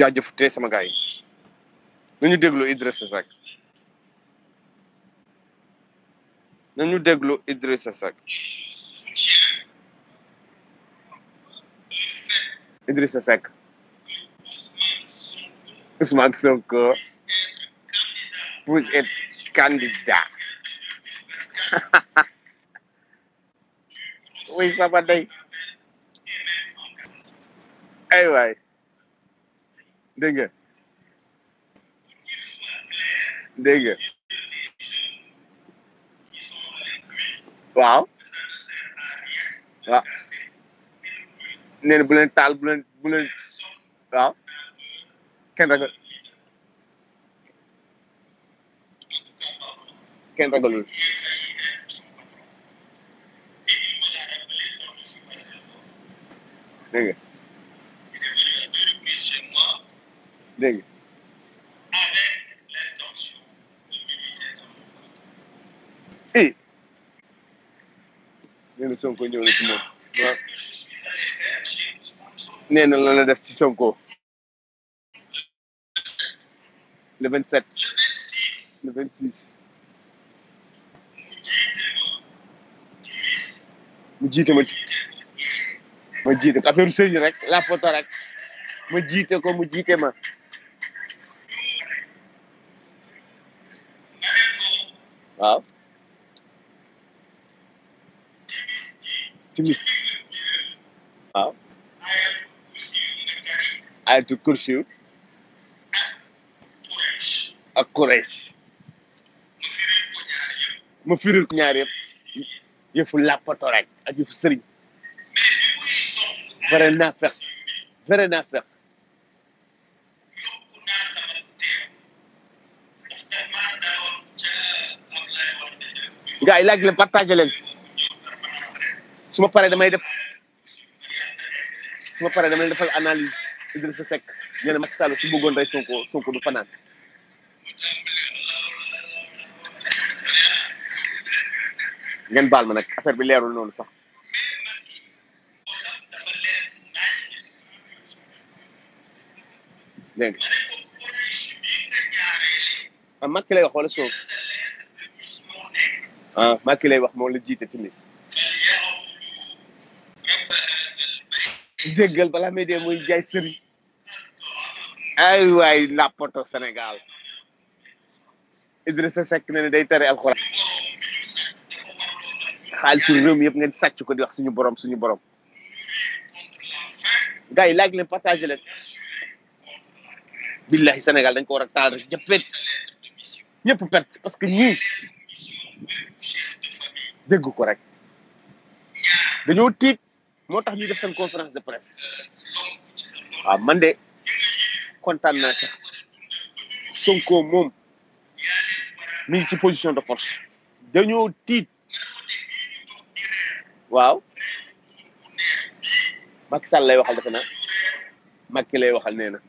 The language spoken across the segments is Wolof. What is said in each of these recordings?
jaajëf té sama gaay nañu déglu Idrissa Sak nañu déglu Idrissa Sak Idrissa Sak Ousmane Sonko puisse être candidat oui sama day ay waay देंगे देंगे वाओ नहीं बुलेट ताल बुलेट बुलेट वाओ कैंटर कर कैंटर कर देंगे dégg eh nee na Sonko ñëw na ci moom waaw na la la def ci Sonko le vingt sept le vingt six mu jiite ma ma jiite ko affaire sëñ la photo rek ma ko mu ma waaw timis waaw ayatul kursiyu ak Quraysh ma firil ko ñaar yëpp yëfu làppatoraaj ak yëfu sëriñ vrai naafeq vrai naafeq gars yi laaj leen partagé leen su ma paree damay def su ma paree damay defal analyse Idrissa Seck nee na Macky Sall su bëggoon rey Sonko Sonko du fanaan ngeen baal ma nag affaire bi leerul noonu sax dégg nga ah Macky lay wax ah Macky lay wax moom la jiite timis déggal balaa may dee muy jaay sëri ay waay làppato Sénégal Idrissa Seck ne ne day tere alxuraan xaalisu réew mi yëpp ngeen sàcc ko di wax suñu borom suñu borom gars yi laaj leen partagé leen billahi Sénégal dañ ko war taal rek ñëpp perte perte parce que ñii dégg ko rek dañoo tiit moo tax ñuy def seen conférence de presse waaw man de kontaan naa sax Sonko moom mi ngi ci position de force dañoo tiit waaw Macky Sall lay waxal defe naa Macky lay waxal nee na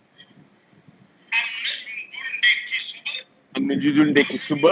am na ju dul ndekki suba.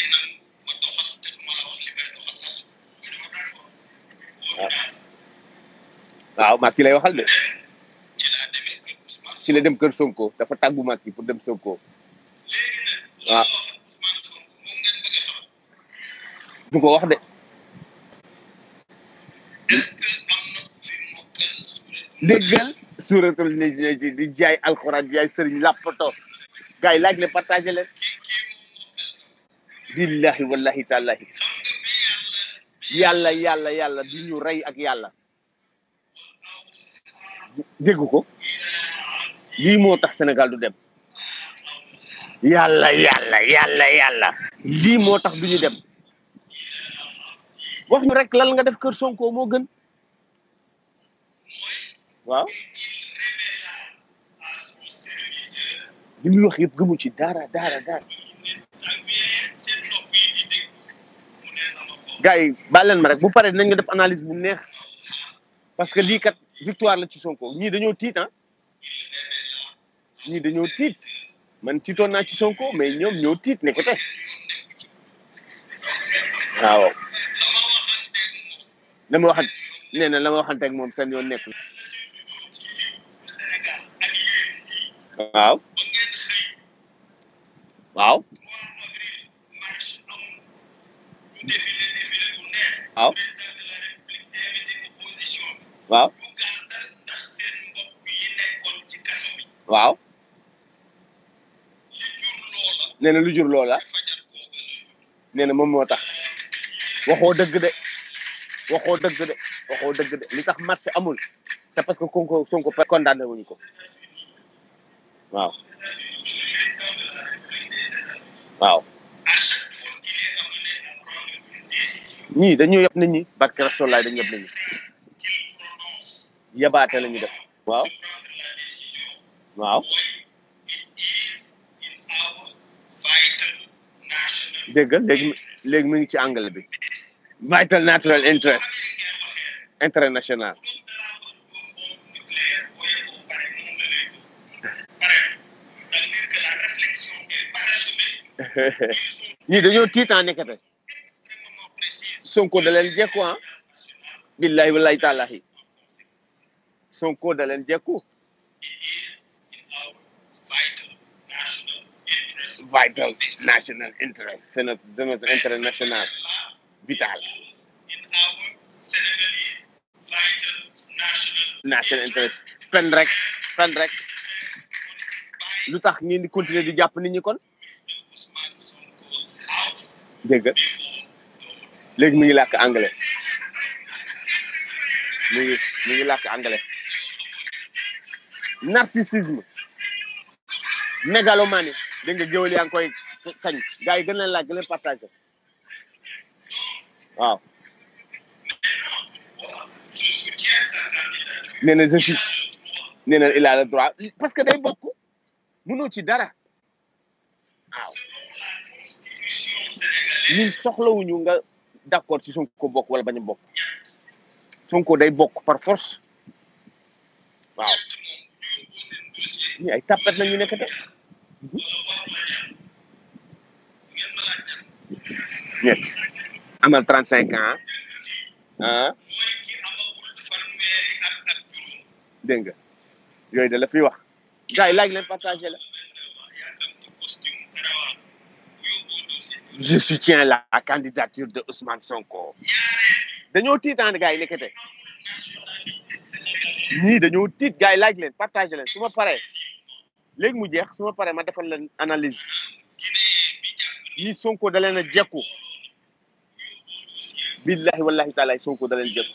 waaw Macky lay waxal de ci la dem kër Sonko dafa tàggu Macky pour dem Sonko waaw du wax de déggal suuratul di jai alxuraan jaay sëriñ làppato gars Gay laaj le partagé leen billahi wallahi ta'ala. Yalla yalla yalla di ñu ak yalla dégg ko li mo tax Sénégal du dem yalla yalla yalla. yalla li mo tax duñu dem wax ñu rek lan nga def kër Sonko mo gën waaw li muy wax yëpp gëmu ci dara dara dara gay balen ma rek bu paré def analyse bu neex parce que li kat victoire la ci Sonko ñii dañoo tiit ah ñii dañoo tiit man tiitoon naa ci Sonko mais ñoom ñoo tiit ne ko te waaw la ma waxan nee na la ma waxante ak moom seen yoon nekkul waaw waaw wow, waaw waaw nee na lu jur loola nee na moom moo tax waxoo dëgg de waxoo dëgg de waxoo dëgg de li tax match amul c'est parce que Sonko Sonko condamné wuñu ko waaw waaw ñii dañoo yab nit ñi barke rasulaay dañu yab nit ñi yabaate la ñu def waaw Wow. dégg nga léegi léegi ngi ci anglais bi. vital natural interest international. ñii dañoo tiitaan nekkate Sonko da leen jekku ah billahi wallahi taalahi Sonko da leen jekku vital national interest c'est notre de notre intérêt national vital national interest fen rek fen rek lu tax ngeen di continuer di jàpp nit ñi kon dégg nga mi ngi làkk anglais mi ngi mi ngi làkk anglais narcissisme mégalomanie dégg nga géwél yaa ngi koy kañ gars yi gën leen laaj gën leen partage waaw nee na je suis nee droit parce que day bokk mënoo ci dara waaw ñun soxlawuñu nga d'accord ci Sonko bokk wala bañ bokk Sonko day bokk par force waaw ñi ay tàppet la ñu nekk de ñett amal trente cinq ans ah dégg nga yooyu de la fi wax gars yi laaj leen partagé la je soutiens la candidature de Ousmane Sonko dañoo tiitaan gars yi nekkate ñii dañoo tiit gars yi laaj leen partagé leen su ma pare léegi mu jeex su ma paree ma defal leen analyse ñii Sonko da a jekku billahi wallahi taala Sonko da leen jël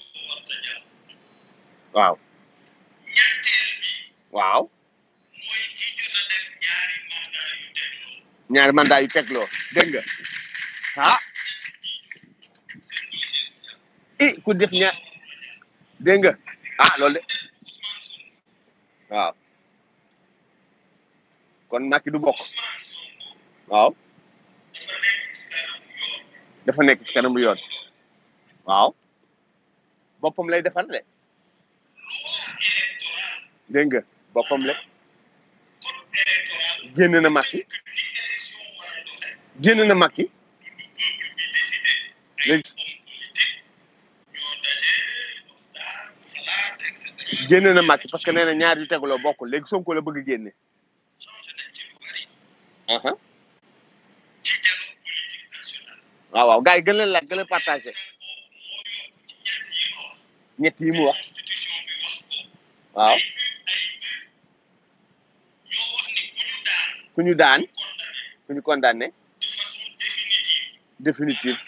waaw waaw ñaari mandat yu tegloo dégg nga ah i ku def ñaar dégg nga ah loolu de waaw kon Macky du bokk waaw dafa nekk ci kanamu yoon waaw boppam lay defar de dégg nga boppam la génn na Macky génn na Macky léegi génn na Macky parce que nee na ñaar yu tegaloo bokkul léegi Sonko la bëgg génne aha waaw waaw gars yi gën leen partagé ñett yi mu wax waaw ku ñu daan ku ñu condamné définitive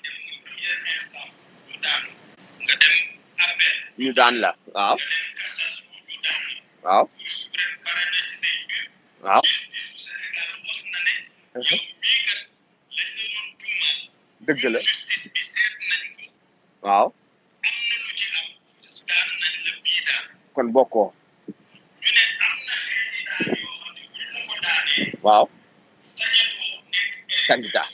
ñu daan la waaw waaw waaw dëgg la kon bokkoo waaw candidat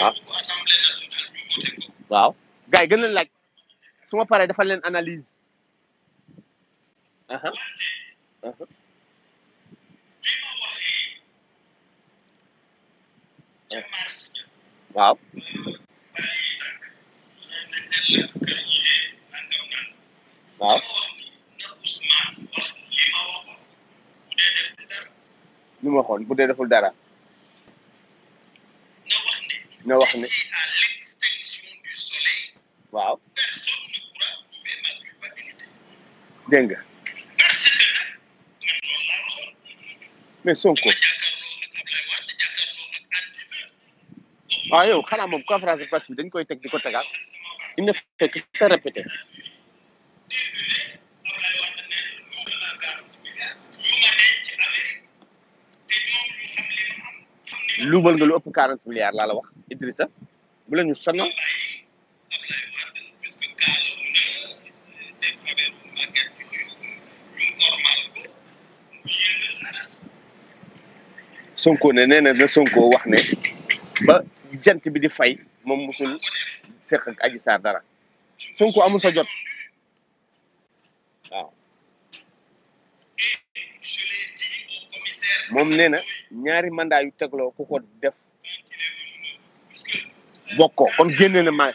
waaw waaw gars yi gën leen laaj su ma paree dafa leen analyse waaw waaw. lu ma waxoon bu dee deful dara. na wax ne. waaw. dégg nga. mais Sonko. waaw ah, yow xanaa moom conférence de presse bi dañ koy teg di ko tegaat. il ne fait que se répéter nga lu ëpp milliards laa la wax Idrissa bu la ñu sonal ne nee na na wax ne ba jant bi di fay moom musul seq ak Adji Sarr dara Sonko amul sa jot waaw moom nee na ñaari mandat yu tegloo ku ko def bokkoo kon génne na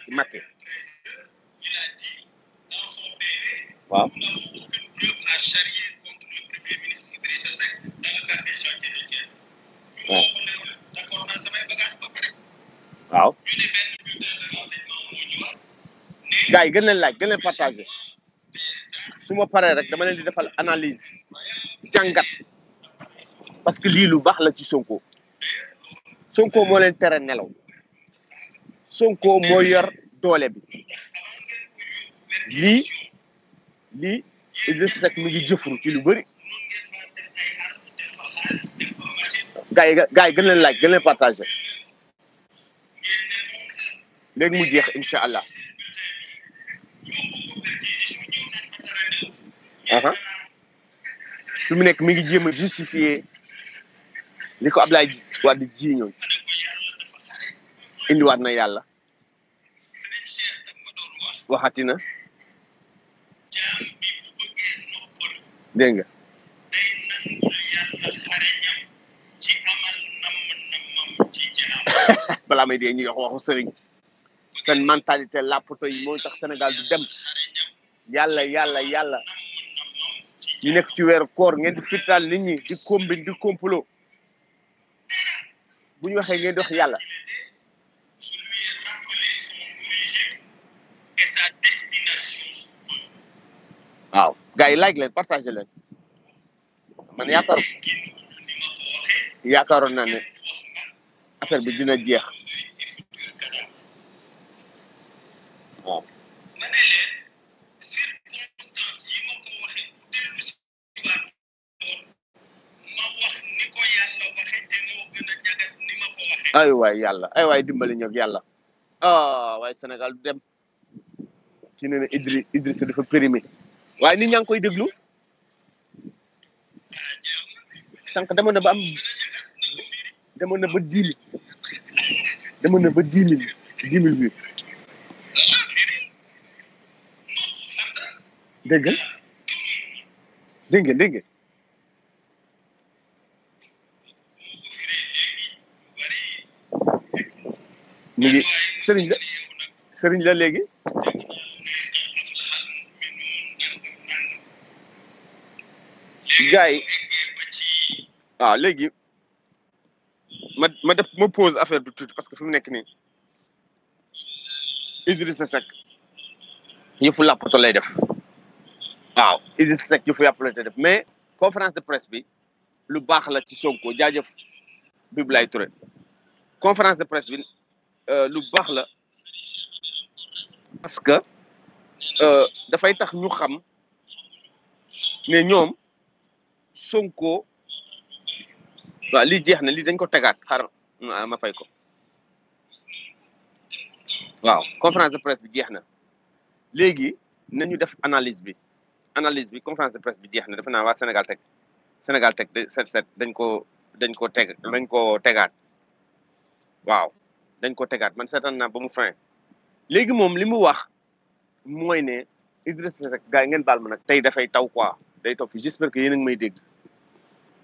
waaw gars yi gën leen laaj gën leen partagé su ma paree rek dama leen di defal analyse jàngat parce que lii lu baax la ci Sonko Sonko moo leen tere nelaw Sonko moo yor doole bi lii lii Idrissa Seck mi ngi jëfru ci lu bëri gars yi gars gën leen laaj gën leen partagé léegi mu jeex incha allah. Aha su mu nekk mi ngi jéem a justifier li ko Ablaye Wade ji ñoon indiwaat na yàlla waxati na dégg nga balaa may dee ñuy wax waxu sëriñ seen mentalité làppato yi mooy tax Sénégal du dem yàlla yàlla yàlla ñu nekk ci weeru koor ngeen di fital nit ñi di combine di complot bu ñu waxee ngeen di wax yàlla waaw gars yi like leen partage leen man yaakaar yaakaaroon naa ne affaire bi dina jeex ay waay yàlla ay waay dimbali ñoog yàlla ah waaye Sénégal dem ci nee na Idri Idrissa dafa waaye nit ñaa ngi koy déglu sànq demoon na ba am demoon na ba dix mille ba dix mille dix mille bi dégg ñu ngi sëriñ la sëriñ la léegi gars yi waaw léegi ma def ma pose affaire bi tuuti parce que fi mu nekk nii Idrissa Seck yëfu làppato lay def waaw Idrissa Seck yëfu làppato lay def mais conférence de presse bi lu baax la ci Sonko jaajëf Bibi Laye Touré conférence de presse bi Euh, lu baax la parce que euh, dafay tax ñu xam ne ñoom Sonko waa lii jeex na lii dañ ko tegaat xar ma fay ko waaw conférence de presse bi jeex na léegi nañu def analyse bi analyse bi conférence de presse bi jeex na defe naa waa Sénégal teg Sénégal teg dañ ko dañ ko teg dañ ko tegaat waaw dañ ko tegaat man seetaan naa ba mu fin léegi moom li mu wax mooy ne Idriss rek gaay ngeen baal ma nag tey dafay taw quoi day taw fii j'espère que yéen a ngi may dégg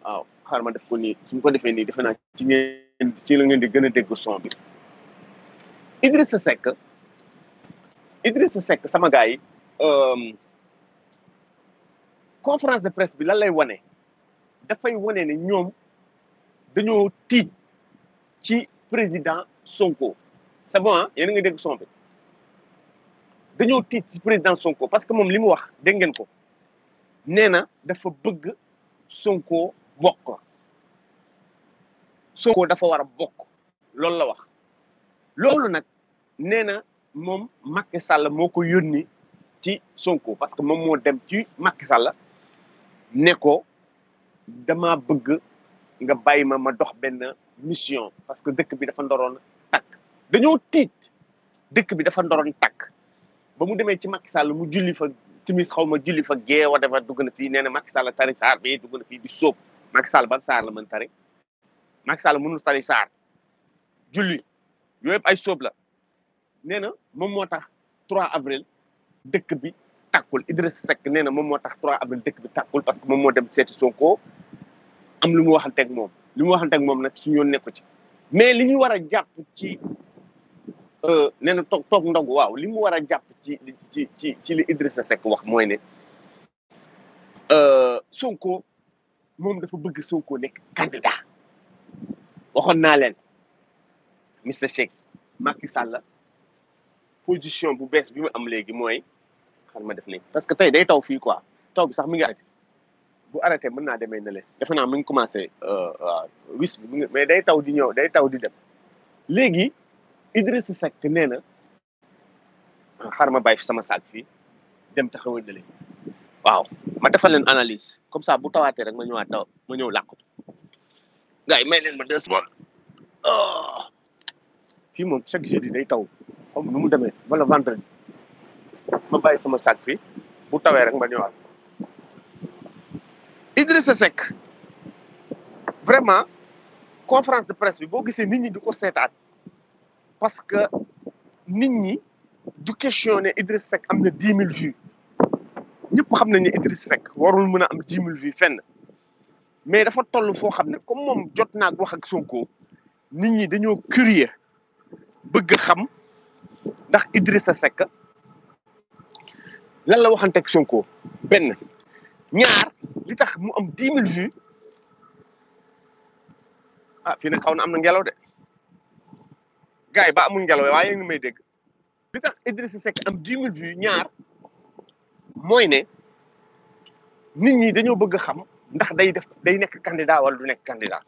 waaw xaar ma def ko nii su ko defee nii defe ci ngeen ci la ngeen di gën a dégg son bi Idriss Seck Idriss Seck sama gaay yi euh, conférence de presse bi lan lay wane dafay wane ne ñoom dañoo tiit ci président Sonko c'est bon hein? yéen a ngi dégg son bi dañoo tiit ci président Sonko parce que mon li mu wax dégg ngeen ko nee dafa bëgg Sonko bokk Sonko dafa war a bokk loolu la wax loolu nag nee na Macky Sall moo ko ci Sonko parce que mon moo dem ci Macky Sall ne ko dama bëgg nga bayima ma dox ben mission parce que dëkk bi dafa ndoron dañoo tiit dëkk bi dafa ndoroon takk ba mu demee ci Macky Sall mu julli fa timis xaw ma julli fa geewa dafa dugg na fii nee na Macky Sall tari saar bi dugg na fii di Sall ban saar la mën tari Macky Sall mënul tari saar julli yooyu ay sóob la nee na moom moo tax 3 avril dëkk bi tàkkul Idriss Seck nee na moom moo tax 3 avril dëkk bi tàkkul parce que moom moo dem seeti Sonko am lu mu waxanteeg moom li mu waxanteeg moom nag suñu yoon nekku ci mais li ñu war a jàpp ci Eh, nena tok tok ndog waw limu wara japp ci ci ci ci li Idrissa sek wax moy ne eh, Sonko mom dafa bëgg Sonko nek candidat waxon na len mr cheikh Macky Sall position bu bes bi mu am legi moy xar ma def nañ parce que tay day taw fi quoi taw bi sax mi nga bu arrêté mën na démé na lé defe na mi ngi commencé eh, wis bi mais day taw di ñëw day taw di dem léegi. Idris Seck neena na xaaral ma bàyyi fi sama saag dem taxawal dale waaw ma defal len analyse comme ça bu tawate rek ma ñëwaat taw ma ñëw làqu gars may len ma deux secondes fi moom chaque jeudi day taw xam nu mu demé wala vendredi ma bay sama sak fi bu tawé rek ma ñëwaat Idrissa Seck vraiment conférence de presse bi bo gisé nit ñi diko sétat parce que nit ñi du questionné Idriss Seck am na dix mille vues ñëpp xam nañ ne Idriss Seck warul mën a am dix mille vues fenn mais dafa toll foo xam ne comme moom jot naa wax ak Sonko nit ñi dañoo curieux bëgg xam ndax Idrissa Seck lan la waxante ak Sonko benn ñaar li tax mu am dix mille vues ah fii nag xaw na am na ngelaw de. gars yi ba amul ngelaw waaye yéen may dégg li tax Idrissa Seck am ñaar mooy ne nit ñi dañoo bëgg xam ndax day def day nekk candidat wala du nekk candidat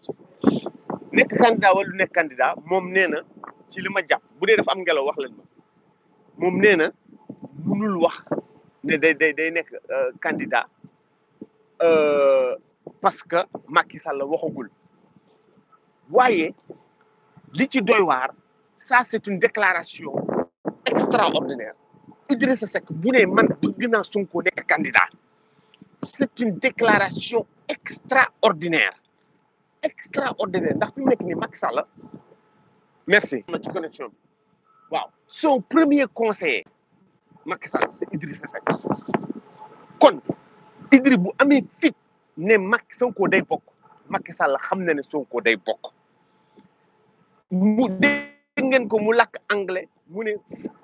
nekk candidat moom nee na ci li ma jàpp bu dee dafa am ngelaw wax leen ma moom nee na mënul wax ne day day nekk euh, candidat euh, parce que Macky Sall waxagul waaye li ci doy waar. ça c'est une déclaration extraordinaire Idriss Seck bu man bëgg Sonko candidat c'est une déclaration extraordinaire extraordinaire ndax fi mu Macky Sall merci Wow, son premier conseiller Macky Sall c'est Idrissa Seck kon Idriss bu amee fit ne Macky Sonko day bokk Macky Sall xam na ne Sonko day ngeen ko mu lakk anglais mu ne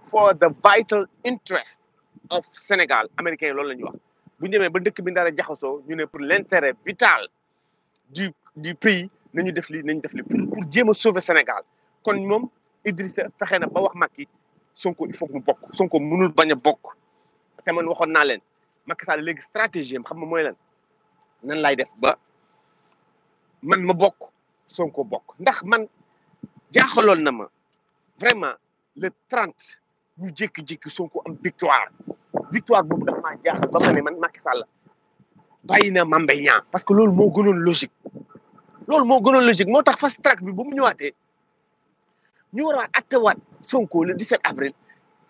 for the vital interest of Sénégal américain yi loolu la wax bu ñu ba dëkk bi ndara jaxasoo ñu ne pour l' intérêt vital du du pays nañu def li nañu def li pour pour jéem a sauver Sénégal kon moom Idrissa fexe na ba wax Macky Sonko il faut mu bokk Sonko mënul bañ a bokk te man waxoon naa leen Macky Sall léegi stratégie am xam nga mooy lan nan lay def ba man ma bokk Sonko bokk ndax man jaaxaloon na ma vraiment le trent ñu jékki-jékki Sonko am victoire victoire boobu dafa maa jaaxal ba ma ne man Macky Sall bàyyi na Mame Mbaye Niang parce que loolu moo gënoon logique loolu moo gënoon logique moo tax fast track bi bu mu ñëwaatee ñu war a attewaat Sonko le 17 avril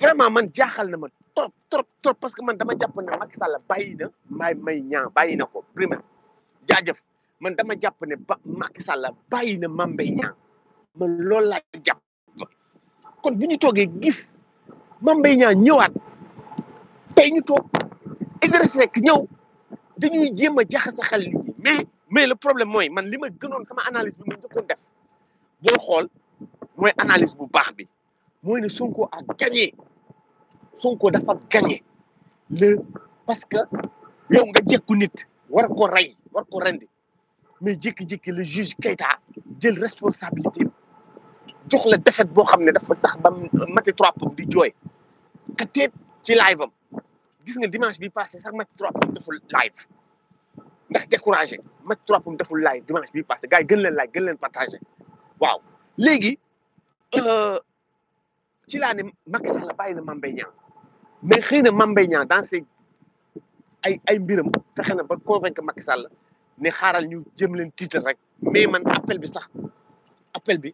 vraiment man jaaxal na ma trop trop trop parce que man dama jàpp ne Macky Sall bàyyi na Mame Mbaye Niang bàyyi na ko primaire jaajëf man dama jàpp ne ba Macky Sall bàyyi na Mame kon bu ñu toogee gis Mame Mbaye Niang ñëwaat tey ñu toog Idrissa Seck ñëw dañuy jéem a jaxase xel nit mais mais le problème mooy man li ma gënoon sama analyse bi ma njëkkoon def boo xool mooy analise bu baax bi mooy ne Sonko a gagné Sonko dafa gagné le parce que yow nga jekku nit war ko rey war ko rendi mais jékki-jékki le juge kayita jël responsabilité jox la defet boo xam ne dafa tax ba Mati Trois Pommes di jooy ka teet ci live am gis nga dimanche bi passé sax Mati Trois Pommes deful live ndax découragé Mati Trois Pommes deful live dimanche bi passé gars yi gën leen like gën waaw léegi euh, ci laa ne Macky Sall la bàyyi na Mame Mbaye mais xëy na Mame Mbaye Niang dans ay ay mbiram fexe na ba convaincre Macky Sall ne xaaral ñu jëm leen titre rek mais man appel bi sax appel bi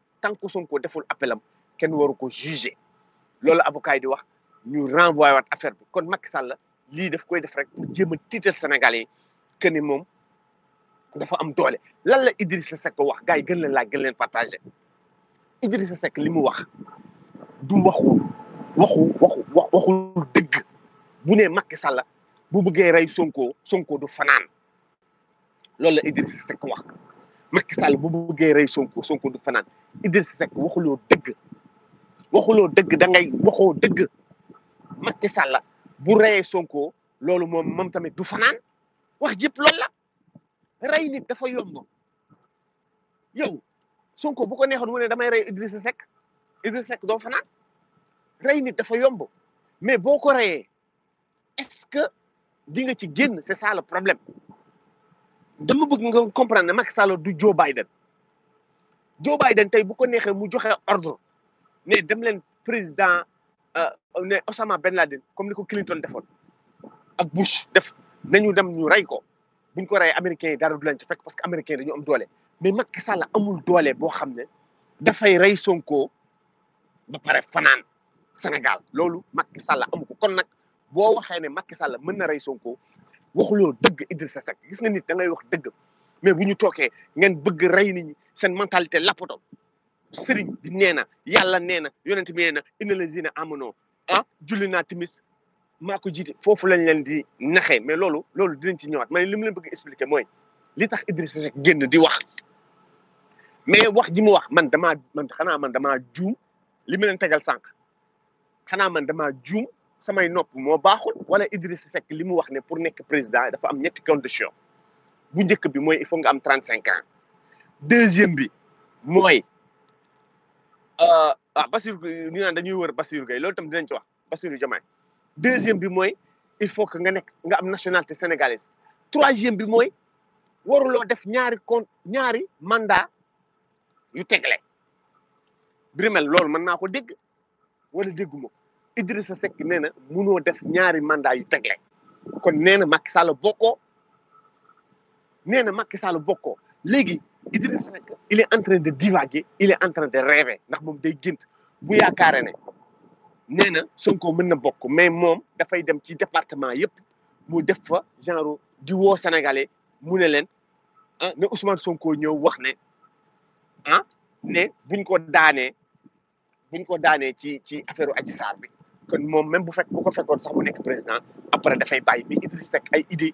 tant que Sonko deful appel kenn waru ko jugé loolu avocat di wax ñu renvoyé waat affaire bi kon Macky Sall lii daf koy def rek pour jéem a tiital Sénégalais yi que ni moom dafa am doole lan la Idrissa Seck wax gars yi gën leen laaj gën leen partagé Idrissa Seck li mu wax du waxu waxu waxu waxul dëgg bu ne Macky Sall bu bëggee rey Sonko Sonko du fanaan loolu la Idrissa Seck wax Macky Sall bu bëggee rey Sonko Sonko du fanaan Idriss Seck waxuloo dëgg waxuloo deug da ngay waxo deug Macky Sall bu reyee Sonko lolou mom mom tamit du fanaan wax jëpp loolu la rey nit dafa yomb yow Sonko bu ko neexoon mu ne damay rey Seck idriss Seck do fanaan rey nit dafa yomb mais boko ko est-ce que di nga ci guen c'est ça le problème dama bëgg nga comprendre Macky Sall du Joe Biden Joe Biden tey bu ko neexee mu joxe ordre ne dem leen président euh, ne Osama benn Laden comme ni ko Clinton defoon ak Bush def nañu dem ñu rey ko buñ ko rey américains yi dara du ci fekk parce que américains yi am doole mais Macky Sall amul doole boo xam ne dafay rey Sonko ba pare fanaan Sénégal loolu Macky Sall amu ko kon nag boo waxee ne Macky Sall mën na rey Sonko waxuloo dëgg Idrissa Seck gis nga nit da ngay wax dëgg mais bu ñu tookee ngeen bëgg rey nit ñi sen mentalité lapoto sëriñ bi nee yalla yàlla yonent bi nee inna lazina amanoo ah julina timis mako ko fofu lañ leen di naxé mais lolu lolu dinañ ci ñëwaat man limu leen bëgg expliquer moy li tax idriss rek genn di wax mais wax ji mu wax man dama man xana man dama joom limu leen tégal sank xana man dama joom samay nopp mo baxul wala idriss sek limu wax ne pour nek président dafa am ñetti condition bu njëkk bi moy il faut nga am 35 ans deuxième bi mooy euh, ah Bassirou ñu naan dañuy wër bassir Gueye loolu tam dinañ ci wax Bassirou Diomaye deuxième bi mooy il faut que nga nekk nga am nationalité sénégalaise troisième bi mooy waruloo def ñaari compte ñaari mandat yu tegle Brimel loolu mën naa ko dégg wala dégguma Idrissa sekk nee na munoo def ñaari mandat yu tegle kon nee na Macky Sall bokkoo nee na Macky Sall bokkoo léegi Idriss Seck il est en de divaguer il est en de rêver ndax moom day gént bu yaakaare ne nee na Sonko mën na bokk mais moom dafay dem ci département yëpp mu def fa genre di woo sénégalais mu ne leen ah ne Ousmane Sonko ñëw wax ne ah ne buñ ko daanee buñ ko daanee ci ci affaire Adji Sarr bi kon moom même bu fekk bu ko fekkoon sax mu nekk président après dafay bàyyi mais Idriss Seck ay idée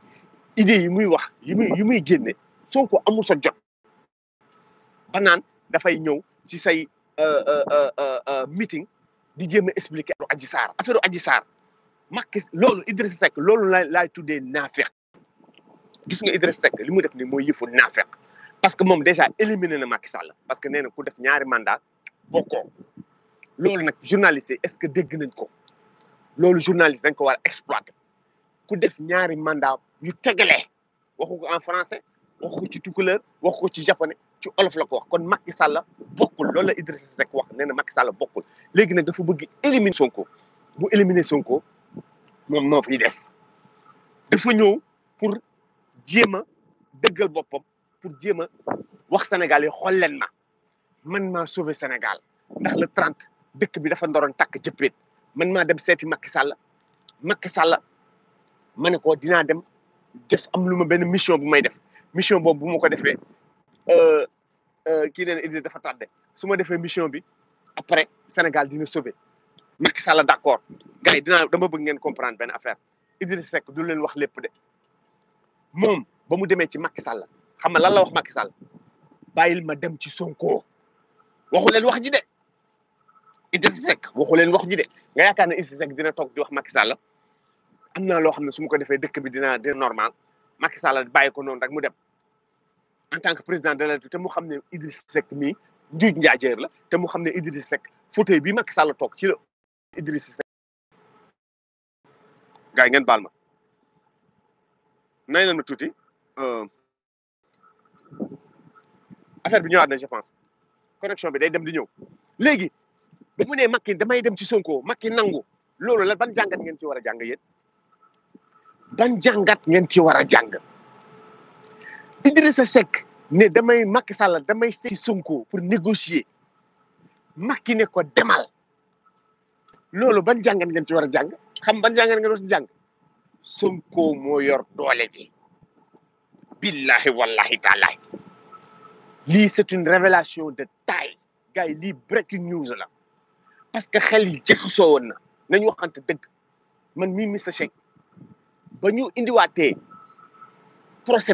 yi muy wax yi muy yi muy génne Sonko amul sa jot ba da fay ñew ci say euh, euh, euh, meeting di jëm expliquer affaire Adji Sarr affaire Adji Sarr Macky lolu Idriss Seck lolu Qu'est-ce que idrissac? gis nga Idriss Seck li mu def ni moy yefu parce que mom déjà éliminé na Macky Sall parce que néna ku def ñaari mandat Boko, lolu nak journaliste est-ce que dégg nañ ko lolu journaliste dañ ko war exploiter ku def ñaari mandat yu tégalé waxu en français waxu ci tukuleur waxu ko ci japonais ci olof la ko wax kon Macky Sall bokkul loolu la Idrissa Seck wax nee na Macky Sall bokkul léegi nag dafa bëgg éliminer Sonko bu éliminer Sonko moom moo fiy des dafa ñëw pour jéem a dëggal boppam pour jéem a wax Sénégal yi xool leen ma man maa sauver Sénégal ndax le trente dëkk bi dafa ndoroon takk jëppeet man maa dem seeti Macky Sall Macky Sall ma ne ko dinaa dem def am lu ma benn mission bu may def mission boobu bu ma ko defee. Euh, euh, kii nee na Idrissa dafa tardé su ma defee mission bi après Sénégal dina sauver. Macky Sall d'accord. gars yi dinaa dama bëgg ngeen comprendre benn affaire Idriss Seck du leen wax lépp de moom ba mu demee ci Macky Sall xam nga lan la wax Macky Sall bàyyil ma dem ci Sonko waxu leen wax ji de Idrissa Seck waxu leen wax ji de nga yaakaar ne Idrissa Seck dina tok di wax Macky Sall amna lo loo xam ko defee dëkk bi dina dina normal Macky Sall bayiko non noonu rek mu dem. en tant que président de la République te mu xam ne Idriss Seck mii njuuj njaajeer la te mu xam ne Idriss Seck fauteuil bi Macky Sall toog ci la Idriss Seck gars yi ngeen baal ma nañ leen ma tuuti euh, affaire bi ñëwaat na je pense connexion bi day dem di ñëw léegi ba mu ne Macky damay dem ci Sonko Macky nangu loolu la ban jàngat ngeen ci war a jàng yéen ban jàngat ngeen ci war a jàng Idrissa Seck ne damay Macky Sall damay Sonko pour négocier Macky ne ko démal loolu ban jangane ngeen ci a xam ban un ngeen de ci Sonko yor wallahi c'est une révélation de taille breaking news la parce que xel yi na nañu waxante deug man mi Mister chek bañu procès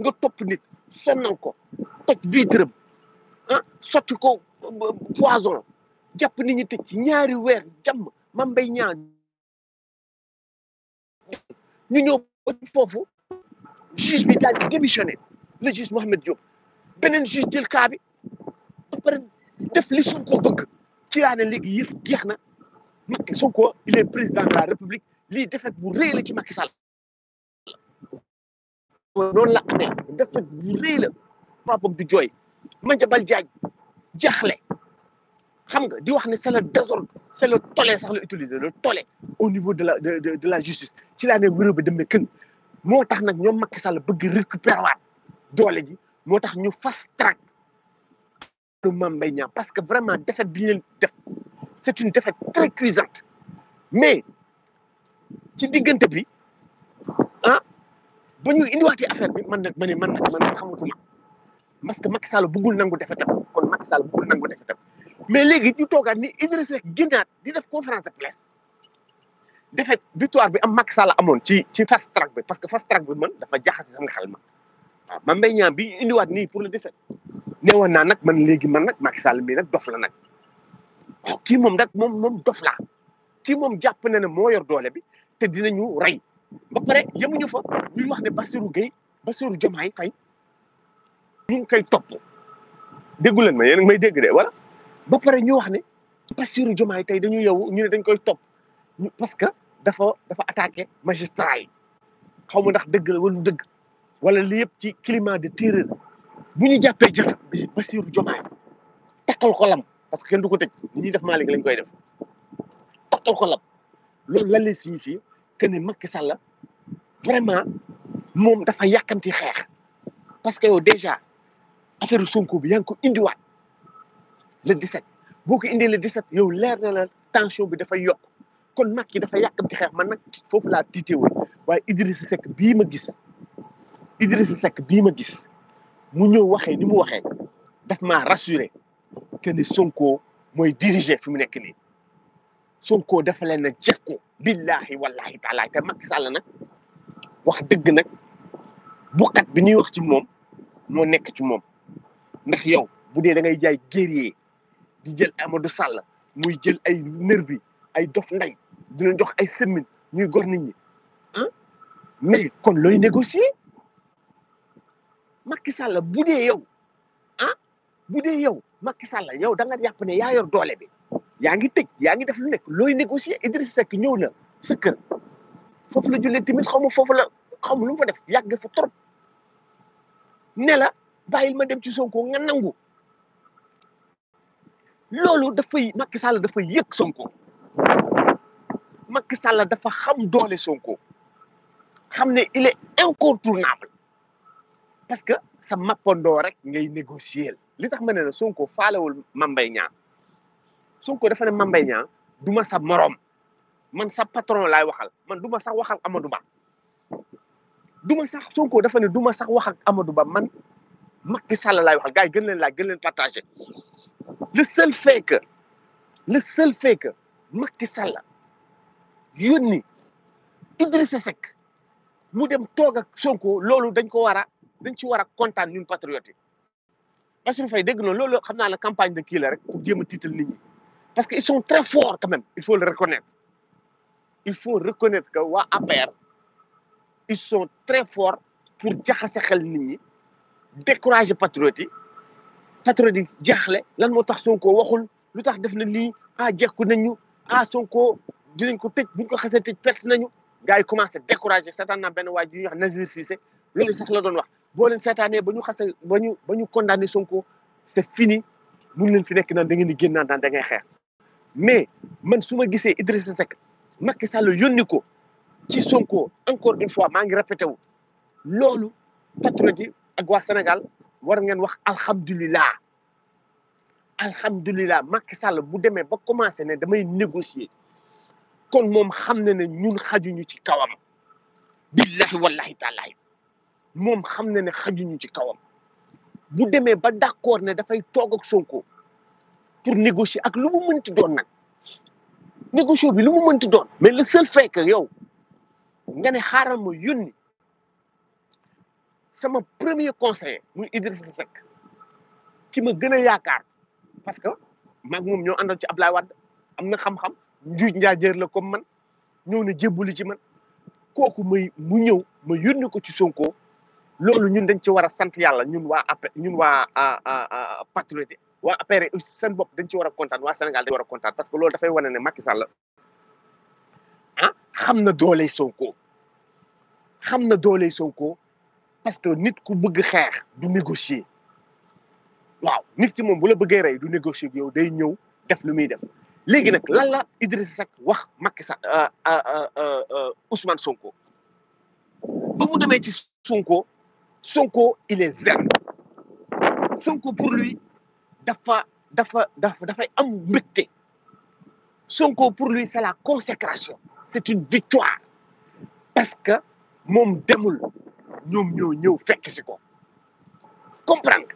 nga topp nit sonnal ko toj vitram ah sotti ko poison jàpp nit ñi tëj ci ñaari weer jàmm mam bay ñaan ñu ñëw ba foofu juge bi daal di démissionné le juge Mohamed Diop beneen juge jël cas def li Sonko bëgg ci laa ne léegi yëf jeex na Macky Sonko il est président de la République lii defet bu rëy la ci Macky Sall noonu la amee dafa rëy la papam du Joy. man jabal jaaj jaxle xam nga di wax né c'est le désordre c'est le tollé sax la utiliser le tollé au niveau de la de de la justice ci laa ne wërëb bi dem né kën motax nak ñom ñoom Macky Sall bëgg récupérer waat doolé ji motax ñu fast track Mame Mbaye parce que vraiment défaite bi ñu def c'est une défaite très cuisante mais ci digënté bi Hein? ba ñu indiwaatee affaire bi man nak mané man nak man xamatu ma parce que Macky Sall bëggul nangu defetam kon Macky Sall bëggul nangu defetam mais légui ñu toogaat ni Idriss Seck génnaat di def conférence de presse defet victoire bi am Macky Sall amone ci ci fast track bi parce que fast track bi man dafa jaxass sama xel ma waaw man mbay ñaam bi indi indiwaat ni pour le 17 néwon na nak man légui man nak Macky Sall mi nak dof la nak ki mom nak mom mom dof la ki mom japp na né mo yor doole bi té dinañu ray ba pare yemuñu fa ñuy wax ne Bassirou Gueye Bassirou Diomaye Faye ñu ngi koy topp déggu leen ma may dégg de wala ba pare ñu wax ne Bassirou Diomaye tey dañu yow ñu ne dañ koy topp parce que dafa dafa attaqué magistrat yi xaw ma ndax dëgg la dëgg wala li yëpp ci climat de terreur bu ñu jàppee jëf bi Bassirou Diomaye parce que kenn du ko tëj li ñuy def Malick lañ koy def takkal ko lam loolu lan la que ne Macky Sall vraiment mom dafa yakamti xex parce que yow déjà affaire Sonko bi yaa ngi ko indiwaat le 17 boo indi le 17 yow leer na la tension bi dafa yok kon Macky dafa yakamti xex man nag foofu laa tiitewoon way Idrissa Seck bii ma gis Idrissa Seck bii ma gis mu ñëw waxee ni mu waxee daf ma rassurer que ne Sonko moy diriger fi mu nekk nii Sonko dafa len a jekkoo billahi wallahi taala te Macky Sall nag wax dëgg nag buqat bi ñuy wax ci moom moo nekk ci moom ndax yow bu dee da ngay jaay guerrier di jël Amadou sàll muy jël ay nervi ay dof ndey dina jox ay semine ñuy gor nit ah mais kon looy négocier Macky Sall bu dee yow ah bu dee yow Macky Sall yow danga nga ne yaa yor doole bi yaa ngi tëj yaa ngi def lu nekk looy négocier Idriss Seck ñëw na sa kër foofu la jullee timit xaw ma foofu la xaw ma lu mu fa def yàgg fa trop ne la bàyyil ma dem ci sonkoo nga nangu loolu dafay Macky Sall dafa yëg Sonko Macky Sall dafa xam doole Sonko xam ne il est incontournable parce que sa mapandoo rek ngay négocier li tax ma ne la Sonko faalewul Mame Mbaye Niang Sonko dafa ne Mame Mbaye du ma sa moroom man sa patron laay waxal man du ma sax waxal Amadou Ba du ma sax Sonko dafa ne duma sax wax ak Amadou Ba man Macky Sall laay waxal gars gën leen laaj gën leen partagé le seul fait que le seul fait que Macky Sall yónni Idrissa Seck mu dem toog ak Sonko loolu dañ ko war a dañ ci war a kontaan ñun patriote yi Bassirou Faye dégg noonu loolu xam naa la campagne de kii rek pour jéem a tiital nit ñi parce qu'ils sont très forts quand même, il faut le reconnaître. Il faut reconnaître que waa APR ils sont très forts pour jaxase xel nit ñi décourager patriotes yi patriotes yi jaaxle lan moo tax Sonko waxul lu def na lii ah jekku nañu ah Sonko dinañ ko tëj buñ ko xasee tëj perte nañu gars yi commencé décourager seetaan naa benn waa ji ñuy wax Nazir Cissé loolu sax la doon wax boo leen seetaanee ba ñu xasee ba condamné Sonko c'est fini mun leen fi nekk naan da ngeen di génnaan daan da ngay xeex mais man su ma gisee Idrissa Seck Macky Sall yónni ko ci Sonko encore une fois maa ngi répété wu loolu patriote ci ak waa senegal war ngeen wax alhamdulilah alhamdulilah makki sàll bu demee ba commencé ne damay négocier kon moom xam na ne ñun xajuñu ci kawam billahi wallahi taalahi moom xam na ne xajuñu ci kawam bu demee ba d'accord ne dafay toog ak Sonko pour négocier ak lu mu mënti doon nag négocier bi lu mu mënti doon mais le seul fait yow nga ne xaaral ma yónni sama premier conseiller muy Idrissa Seck ki ma gën a yaakaar parce que mag moom ñoo àndoon ci Ablaye Wade am na xam-xam njuuj njaajër la comme man ñëw na jébbali ji man kooku may mu ñëw ma yónni ko ci Sonko loolu ñun dañ ci war a sant yàlla ñun waa app ñun waa patriote wa sen bop dañ ci wara wa wa dañ wara parce que de fay wone ne Macky Sall ah, na Sonko Sonko parce que nit ku bëgg du négocier nit ki mom bu la du négocier yow day ñëw def lu muy def légui lan la Macky Sall euh, euh, euh, Ousmane Sonko ba mu ci Sonko Sonko il est zen Sonko pour lui dafa dafa Sonko pour lui c'est la consécration c'est une victoire parce que mon comprendre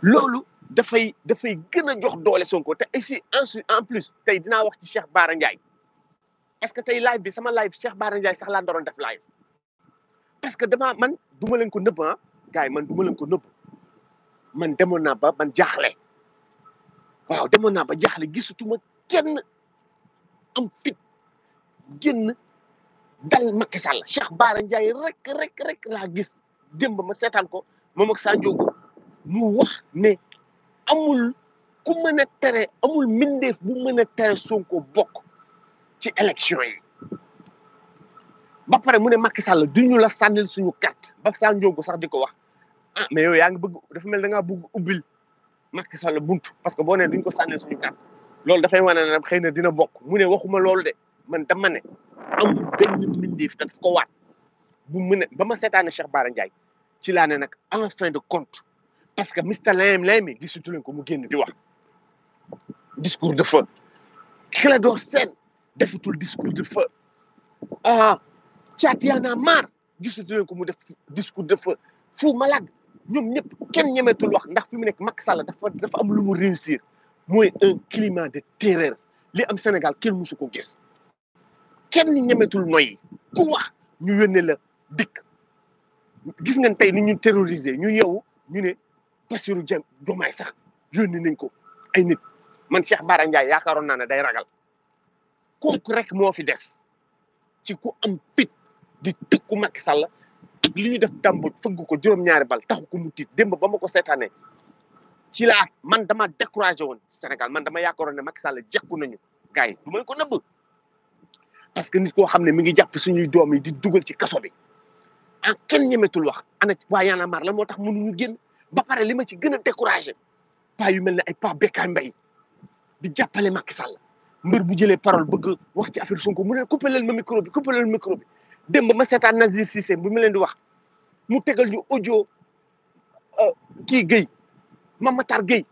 loolu dafay dafay il a jox son Sonko en plus wax ci Cheikh Barangay. Est-ce que tu live live Cheikh Barangay, l'a live parce que je ne duma pas ko ah. waaw demoon naa ba jaaxle gisatuma kenn am fit génn dal Macky Sall Cheikh Bara Ndiaye rek rek rek laa gis démb ma seetaan ko moom ak Sadio mu wax ne amul ku mën a tere amul mindef, bu mën a tere Sonko bokk ci élection yi ba pare mu ne Macky Sall duñu la sànnil suñu carte ba Sadio sax di wax ah mais yow yaa ngi bëgg dafa mel da ngaa bëgg ubbil Macky Sall buntu parce que boo nee duñ ko sànnee suñu carte loolu dafay wane ne xëy na dina bokk mu ne waxuma loolu de man dama ne amul benn mbindeef te daf ko waat bu mu ne ba ma seetaane Cheikh Bara Ndiaye ci laa ne nag en fin de compte parce que mister layem layemi gisutu leen ko mu génn di wax discours de feu Clédor Sène defatul discours de feu ah Thiat Y en a marre ko mu def discours de feu Fou Malade Nous ñep kenn wax ndax fi mu fait Sall dafa dafa am lu réussir un climat de terreur li am Sénégal kenn musu ko gis kenn nous ku ñu la dik gis nga tay ni ñu terroriser ñu sommes ñu ne Nous Diomaye sax yónni nañ ko ay nit man Cheikh Bara ndjay yaakaaroon naa day ragal kooku rek mo fi des ci ku am pit di Sall li ñu def dàmb fëgg ko juróom-ñaari bal taxu ko mu tiit démb ba ma ko seetaanee ci laa man dama découragé woon Sénégal man dama yaakaaroon ne Macky Sall jekku nañu gars yi du ma ko nëbb parce que nit koo xam ne mi ngi jàpp suñuy doom yi di dugal ci kaso bi ah kenn ñemetul wax ana waa Y'en a marre la moo tax ñu génn ba pare li ma ci gën a découragé paa yu mel ne ay paa Bécaye Mbaye di jàppale Macky Sall mbër bu jële parole bëgg wax ci affaire Sonko mu ne coupé ma micro bi coupé leen micro bi démb ma seetaan Nazir Cissé bu mu leen di wax mu tegal ñu audio euh, kii Guèye Mame Matar Guèye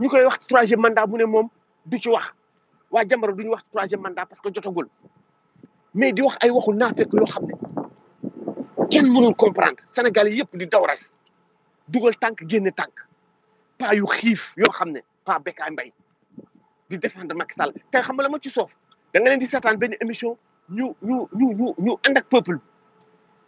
ñu koy wax ci troisième mandat mu ne moom du ci wax waa Jamra du ñu wax ci troisième parce que jotagul mais di wax ay waxu naafeq yoo xam ne kenn mënul comprendre Sénégal yëpp di dawras dugal tànk génne tànk pas yu xiif yoo xam ne pas Bécaye mbay di défendre Macky Sall te xam nga la ma ci soof da nga leen di seetaan benn émission ñu ñu ñu ñu ñu ànd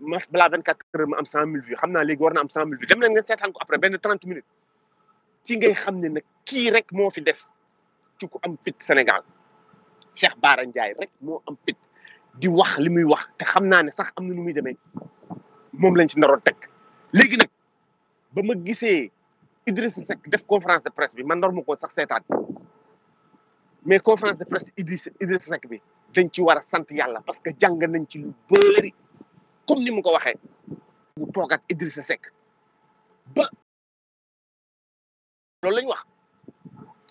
ma balaa 24 heures am 100000 vues xamna naa léegi war na am 100000 vues dem leen ngeen seetaan ko après ben 30 minutes ci ngay xamné nak ki rek mo fi des ci ku am fit Sénégal Cheikh Bara ndjay rek mo am fit di wax limuy wax te xamna né sax amna na nu muy demee moom lañ ci naroon teg. léegi nak bama gissé idriss Idrissa Seck def conférence de presse bi man nar ko sax seetaan mais conférence de presse idriss idriss Seck bi dañ ci wara sante yalla parce que jang nañ ci lu bëri. comme ni mu ko waxee mu toog ak Idrissa Seck ba loolu la ñu wax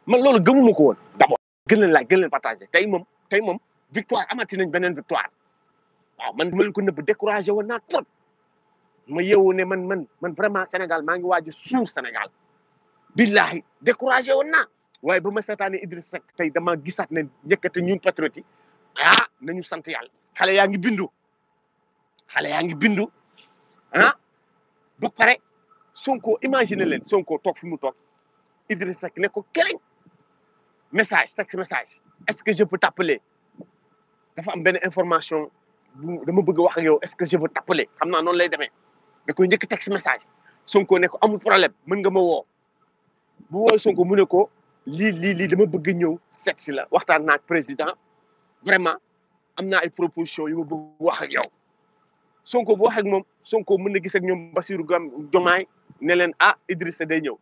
man loolu gëmuma ko woon d'abord gën leen laaj gën leen partagé tey moom tey moom victoire amati nañ beneen victoire waaw man ma leen ko nëbb découragé woon naa trop ma yeewu ne man man man vraiment Sénégal maa ngi waaj a suur Sénégal billahi découragé woon naa waaye ba ma seetaanee Idrissa sek tey dama gisaat ne njëkkati ñu patriote yi ah nañu sant yàlla xale yaa ngi bindu xale yaa ngi bindu han ah. ba paré Sonko imaginer len Sonko tok fi mu toog Idrissa Seck ne ko message texte message est-ce que je peux t'appeler dafa am ben information dama bëgg wax ak yow est-ce que je peux t'appeler xam non lay démé da koy ñëk texte message Sonko ne ko amul problème mën nga ma woo bu wooy Sonko mu ne ko li, li lii dama bëgg ñëw sexy la waxtaan nak président vraiment amna ay proposition yu ma bëgg wax ak yow Sonko bu wax ak moom Sonko mën na gis ak ñoom Bassirou Diomaye ne leen ah Idrissa day ñëw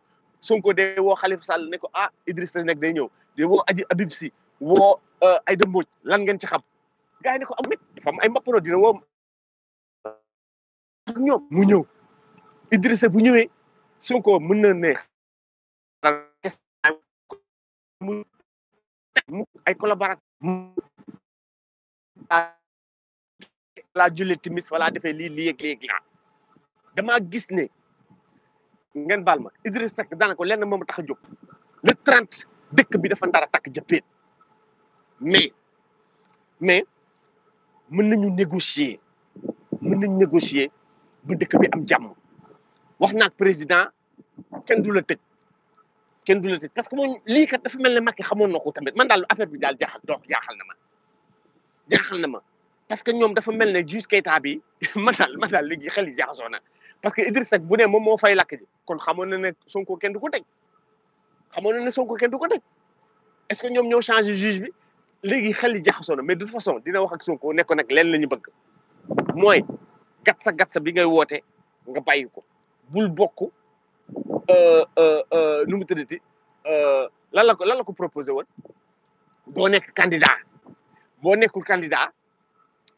Sonko day woo Khalifa Sall ne ko ah Idrissa nekk day ñëw day woo aji Abib Sy woo euh, ay dëmbooj lan ngeen ci xam gars yi ne ko amit dafa ay mbappano dina woo ak ñoom mu ñëw Idrissa bu ñëwee Sonko mën na ne mu laa julli timis wala defee lii li ak lii damaa gis ne ngeen baal ma Idriss Seck daana ko lenn moom tax a jóg le 30 dëkk bi dafa ndara takk jëppeen mais mais mën nañu négocier mën nañu négocier ba dëkk bi am jàmm wax naag président kenn du la tëj kenn du la tëj parce que moom lii kat dafa mel ne Macky xamoon na ko tamit man daal affaire bi daal jaaxal dox jaaxal na ma jaaxal na ma parce que ñom dafa mel ne Juss Keita bi man daal man daal léegi xel yi parce que idriss ak bu ne moom moo fay lak ji kon xamone ne Sonko ken du ko teg xamoon ne Sonko ken du ko teg est-ce que ñom ñoo changer juge bi léegi xel jaxona mais de toute façon dina wax ak Sonko ne ko nag lañu bëgg moy gat sa gat sa bi ngay wote nga bayiko bul bokku euh euh euh nu mu euh lan la ko lan la ko proposer won boo nekk candidat bo nekkul candidat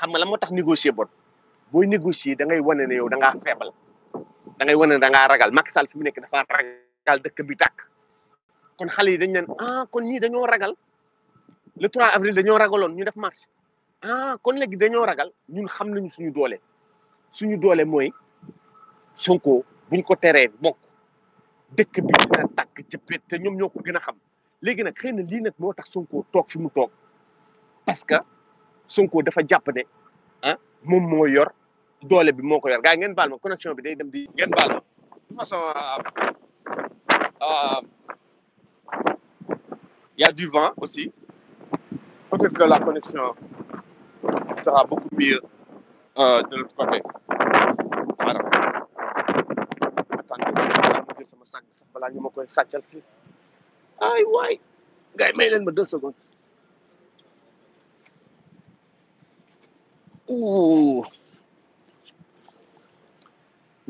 xam nga la moo tax négocier bon booy négocier da ngay wane ne yow da ngaa feebal da ngay wane ne ragal Macky Sall mu nekk dafa ragal dëkk bi tàkk kon xale yi dañ leen ah, kon ñii dañoo ragal le 3 avril dañoo ragaloon ñu def marche ah kon léegi dañoo ragal ñun xam nañu suñu doole suñu doole mooy Sonko buñ ko teree bokk dëkk bi dina tàkk ci pét te ñoom ñoo ko gën a xam léegi nag xëy na lii nag moo tax Sonko toog fi mu toog parce que. Sonko dafa fait ne ah moom yor doole bi moko yor connexion bi day dem façon il euh, euh, y a du vent aussi peut-être que la connexion sera beaucoup mieux euh, de l'autre côté attendez sac deux secondes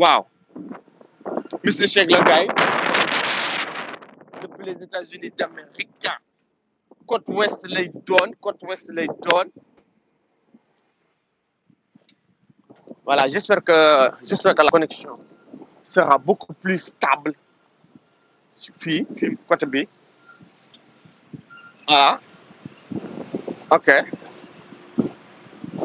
Wow. Mr. Sheikh depuis les États-Unis d'Amérique, côte ouest les donne. côte ouest les donne. voilà j'espère que j'espère que la connexion sera beaucoup plus stable fii quoi côté B. voilà ok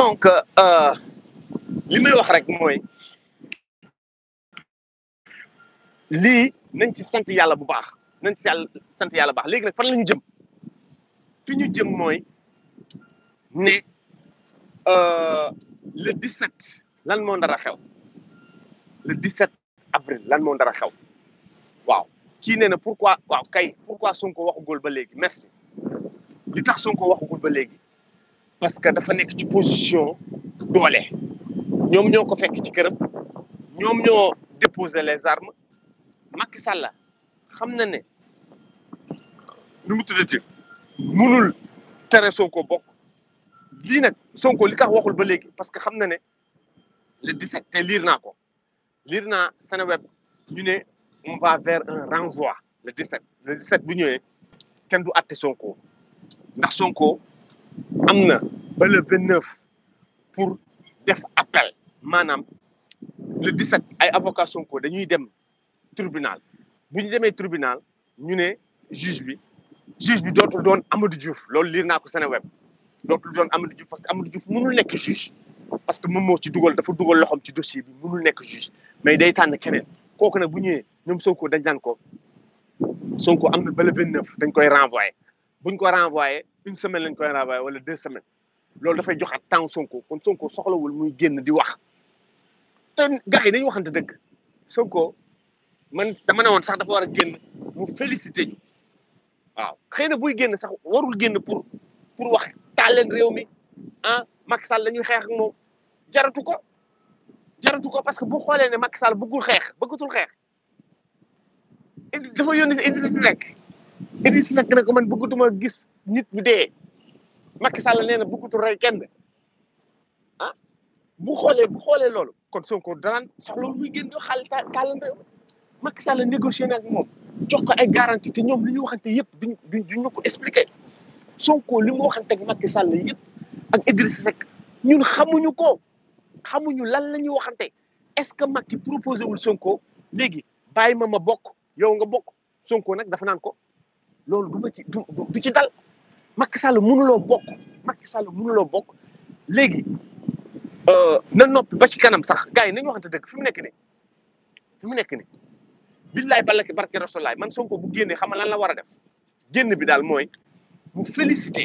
donc ce euh, euh, may wax rek ci bu baax ci fini bu ne euh, le 17 lan mo ndara xew le 17 avril lan mo ndara xew waaw pourquoi waaw kay pourquoi Sonko waxugul ba merci tax Sonko ba parce que dafa nek ci position dolé ñom ñoko fekk ci kërëm ñom ñoo déposer les armes Macky Sall xam na ne nu mu tuddati munul téré Sonko bok li nak Sonko li tax waxul ba légui parce que xamna né le 17 té liir naa ko liir naa Seneweb ñu né on va vers un renvoi le 17 le 17 bu ñëwé kenn du àtte Sonko ndax Sonko amna ba le 29 pour def appel manam le 17 ay avocat Sonko dañuy dem tribunal buñu démé tribunal ñu né juge bi juge bi dootul doon Amadou Diouf loolu liir naa sene web dootul doon Amadou Diouf parce que Amadou Diouf mënul nek juge parce que mom mo ci duggal dafa duggal loxom ci dossier bi mënul nek juge mais day tan keneen kooku nag bu ñewé ñom Sonko dañ naan ko Sonko amna ba le 29 dañ koy renvoyé buñ ko renvoyé une semaine lañ koy renvoyé wala deux semaines loolu dafay joxaat temps Sonko kon Sonko soxlawul muy génn di wax te gars yi dañu waxante dëgg Sonko man dama ne woon sax dafa war a génn mu félicité ñu waaw xëy na buy génn sax warul génn pour pour wax taal leen réew mi ah Macky Sall dañuy xeex ak moom jaratu ko jaratu ko parce que bu xoolee ne Macky Sall bëggul xeex bëggatul xeex dafa yónni si Idrissa Seck Idrissa Seck ko man bëggatuma gis. nit bu dee Macky Sall nee na bëggutul rey kenn ah bu xoolee bu xoolee loolu kon Sonko danaan soxla muy gën di xaal calendrier Macky Sall négocié na ak moom jox ko ay garantie ñoom li ñu waxante yëpp duñ duñ duñu ko expliqué Sonko li mu waxante ak Macky Sall yëpp ak ñun xamuñu ko xamuñu lan la ñuy waxante est-ce que Macky proposé wul Sonko léegi bàyyi ma ma bokk yow nga bokk Sonko nag dafa naan ko loolu ci du du ci dal. Macky Sall mënuloo bokk Macky Sall mënuloo bokk léegi euh, na noppi ba ci kanam sax gars yi nañu waxante dëgg fi mu nekk nii fi mu nekk nii billaay balaki barke rasulaay man soo Sonko bu génnee xam nga lan la war a def génn bi daal mooy bu félicité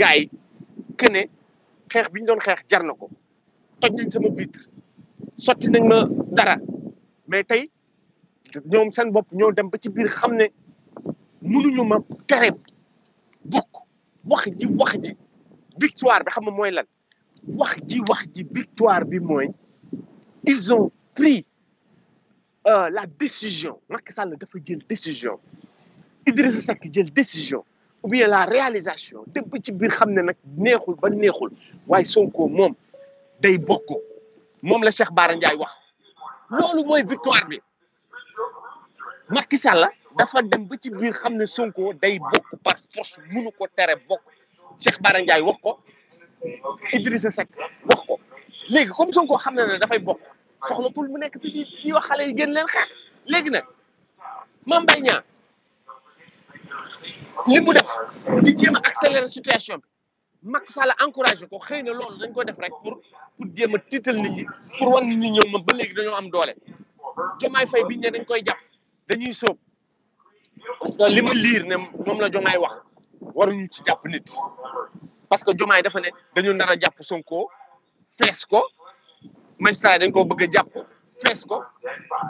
gars yi que ne xeex bi ñu doon xeex jar na ko toj nañ sama vitre sotti nañ ma dara mais tey ñoom seen bopp ñoo dem ba ci biir xam ne mënuñu ma tere bokk victoire bi xam nga lan victoire ils ont pris euh, la décision Macky Sall dafa jël décision Idrissa Seck jël décision ou bien la réalisation dëpp ci ils ne ba neexul way Sonko mom day la Cheikh wax victoire bi dafa dem ba ci biir xam ne Sonko day bokk par force munu ko tere bokk Cheikh Bara Ndiaye wax ko Idrissa Seck wax ko léegi comme Sonko xam ne ne dafay bokk soxlatul mu nekk fi di di wax xale yi gën leen xeex léegi nag Mame Mbaye Niang li mu def di jéem a accélérer situation bi Macky Sall encouragé ko xëy na loolu dañ ko def rek pour pour jéem a tiital nit ñi pour wan nit ñi ñoom ba léegi dañoo am doole Diomaye Faye biñ ne dañ koy jàpp dañuy sóob parce que li ma liir ne moom la Jomaay wax waruñu ci jàpp nit parce que Jomaay dafa ne dañu nar a jàpp Sonko fees ko magistrat dañ ko bëgg a jàpp fees ko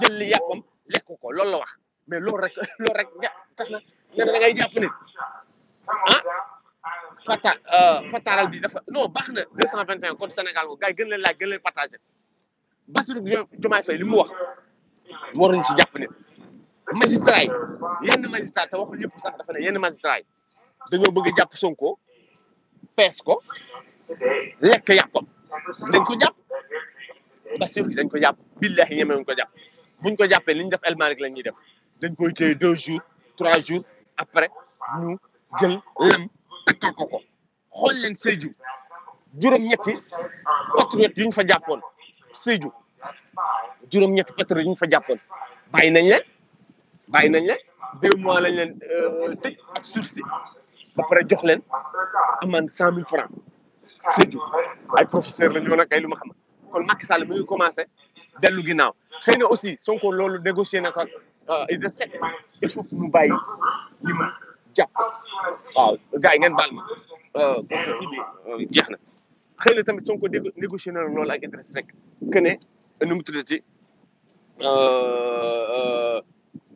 jël li yàppam lekk ko loolu la wax mais loolu rek loolu rek na nga ne da ngay jàpp nit ah pata euh, pataaral bi dafa non baax na 221 code Sénégal ko gars yi gën leen laaj gën leen partagé Bassirou Diomaye Faye li mu wax waruñu ci jàpp nit magistrat yi yenn magistrat te waxul yëpp sax dafa ne yenn magistrat dañoo bëgg jàpp Sonko fees ko lekk yàppam dañ ko jàpp Bassirou dañ ko jàpp billahi ñemewuñ ko jàpp buñ ko jàppee li ñu def El Malick la ñuy def dañ koy téye deux jours trois jours après ñu jël lem takkal ko ko xool leen Sédhiou juróom-ñetti patriote yu fa jàppoon Sédhiou juróom-ñetti patriote yu fa jàppoon leen bàyyi nañ leen deux mois lañ leen tëj ak sursis ba pare jox leen amende cent mille francs séddu ay professeur la ñu woon ak ay lu ma xam kon Macky Sall mi ngi commencé dellu ginnaaw xëy na aussi Sonko loolu négocier na ko Idrissa Seck il faut que mu bàyyi ñu mun jàpp waaw gars yi ngeen baal ma jeex na xëy na tamit Sonko négocier na loolu ak Idrissa Seck que ne nu mu tuddati.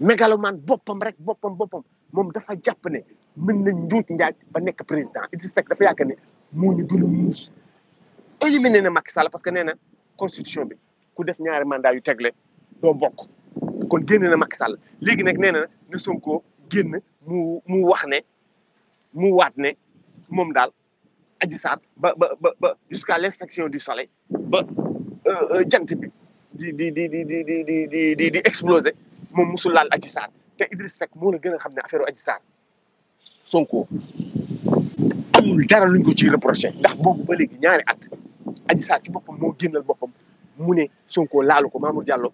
mégalomane boppam rek boppam boppam moom dafa jàpp ne mën na njuuj njaaj ba nekk président Idrissa Seck dafa mu ne moo ñu gën a muus éliminé na Macky Sall parce que nee na constitution bi ku def ñaari mandat yu tegle doo bokk kon génn na Macky Sall léegi nag nee na na Sonko génn mu mu wax ne mu waat ne moom daal aji Sarr ba ba ba ba jusqu'à l'extinction du ba euh, euh, jant bi di di di di di moom musul laal Adji Sarr te Idriss Seck moo la gën a xam ne affaire Adji Sarr Sonko amul dara luñ ko ci reproché ndax boobu ba léegi ñaari at Adji Sarr ci boppam moo génnal boppam mu ne Sonko laalu ko Mamour Diallo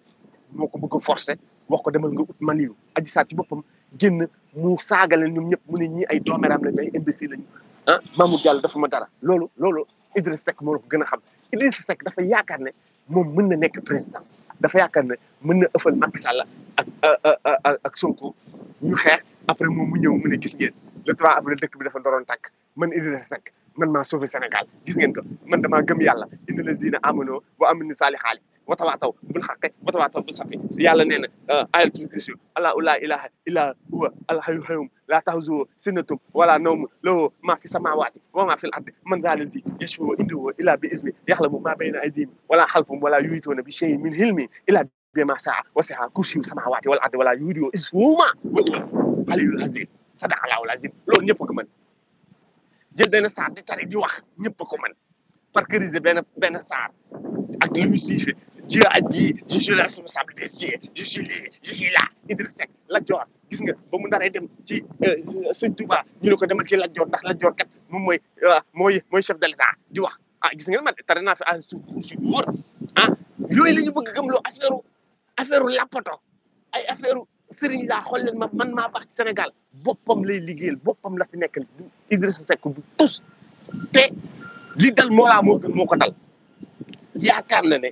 moo ko bëgg a forcé wax ko demal nga ut maniyu Adji Sarr ci boppam génn mu saaga leen ñoom ñëpp mu ne ñii ay dooméram lañ ay imbécile lañu ah Mamour Diallo dafa ma dara loolu loolu Idriss Seck moo la ko gën a xam Idriss Seck dafa yaakaar ne moom mën na nekk président dafa yaakaar ne mën na ëffal Macky Sall euh, euh, euh, ak ak Sonko ñu xeex après moom mu ñëw mu ne gis ngeen le 3 dëkk bi dafa ndoroon tàkk man Idrissa Seck man maa sauvé Sénégal gis ngeen ko man damaa gëm yàlla indi la zina amono bu am ni saali xaali وتبعته بالحق وتبعته بالصفي يلا نينا آية الكرسي الله لا إله إلا هو الحي القيوم لا تهزه سنة ولا نوم له ما في السماوات وما في الأرض من ذا الذي يشفع عنده إلا بإذنه يعلم ما بين أيديهم ولا خلفهم ولا يحيطون بشيء من علمه إلا بما شاء وسع كرسي السماوات والأرض ولا يحيطه إسهما علي العظيم صدق الله العظيم لو نيبك من jël benn saar di tari di wax ñëpp ko man parcuriser benn benn ak li mu Dieu a dit je suis le la Joor gis nga ba mu naree dem ci euh, sëñ Touba ñu ko demal ci la Joor ndax Lat Joor kat moom mooy euh, mooy mooy chef de l'État di wax ah gis nga man tare naa fi ah suuf suuf ah, yooyu la ñu bëgg gëm loo affaire affaire lapato ay affaire sëriñ laa xool leen ma man maa baax ci Sénégal boppam lay liggéeyal boppam la fi nekkal du Idrissa Seck du tus te li dal moo laa moo ko dal yaakaar na ne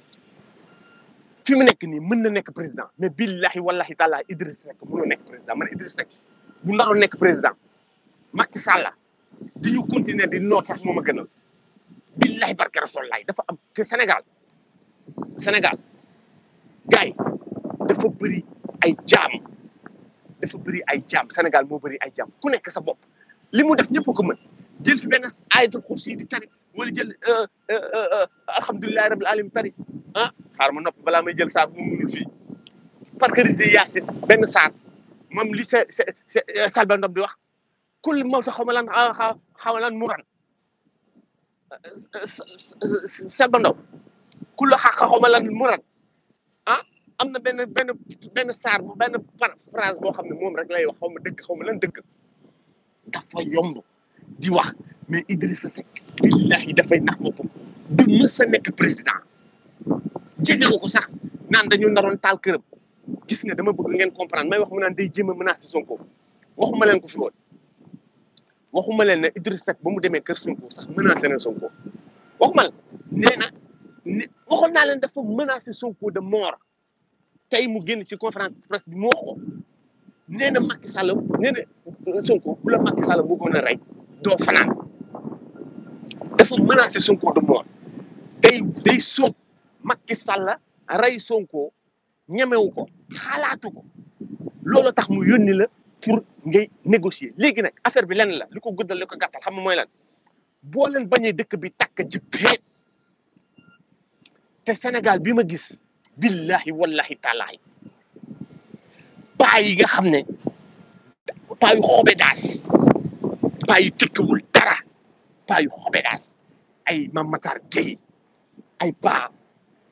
fi mu nekk nii mën na nekk président mais billahi wallahi taala Idriss Seck mënoo nekk président man Idriss Seck bu naroon nekk président Macky Sall di ñu continuer di noot sax moo ma gënal billahi barke rasulahi dafa am te Sénégal Sénégal gars yi dafa bëri ay jaam dafa bëri ay jaam Sénégal moo bëri ay jaam ku nekk sa bopp li mu def ñëpp ko mën jël fi benn ayatul kursi di tari wala jël alhamdulilahi rabil alamin tari ah xaar ma noppi balaa may jël saar bu mu mënul fii parceriser yaasin benn saar moom li sa Salba Ndom di wax kul mawta xaw ma lan xaw Salba Ndom kul xaw ma lan muran ah am na benn benn benn saar bu benn phrase boo xam ne moom rek lay wax xaw ma dëgg xaw ma lan dëgg dafa di wax mais Idrissa Seck billahi dafay nax boppam du mës a nekk jegewu ko sax naan dañu naroon taal këram gis nga dama bëgg ngeen comprendre may wax mu naan day jéem a menacer Sonko waxuma leen ko fi woon waxuma leen ne Idriss Seck ba mu demee kër Sonko sax menacé na Sonko waxuma la nee na ne waxoon naa leen dafa menacé Sonko de mort tey mu génn ci conférence de presse bi mu wax ko nee na Macky Sall nee na euh, Sonko bu la Macky Sall bëggoon a rey doo fanaan dafa menacé Sonko de mort day day sóob. Macky Sall rey Sonko ñemewu ko xalaatu ko loolu tax mu yónni la pour ngay négocier léegi nag affaire bi lenn la li ko guddal li ko gàttal xam nga mooy boo leen bañee dëkk bi takk ci peet te Sénégal bi ma gis billahi wallahi taalaahi paa yi nga xam ne paa yu xobedaas paa yu tekkiwul dara paa yu xobedaas ay Mame Matar Gueye ay paa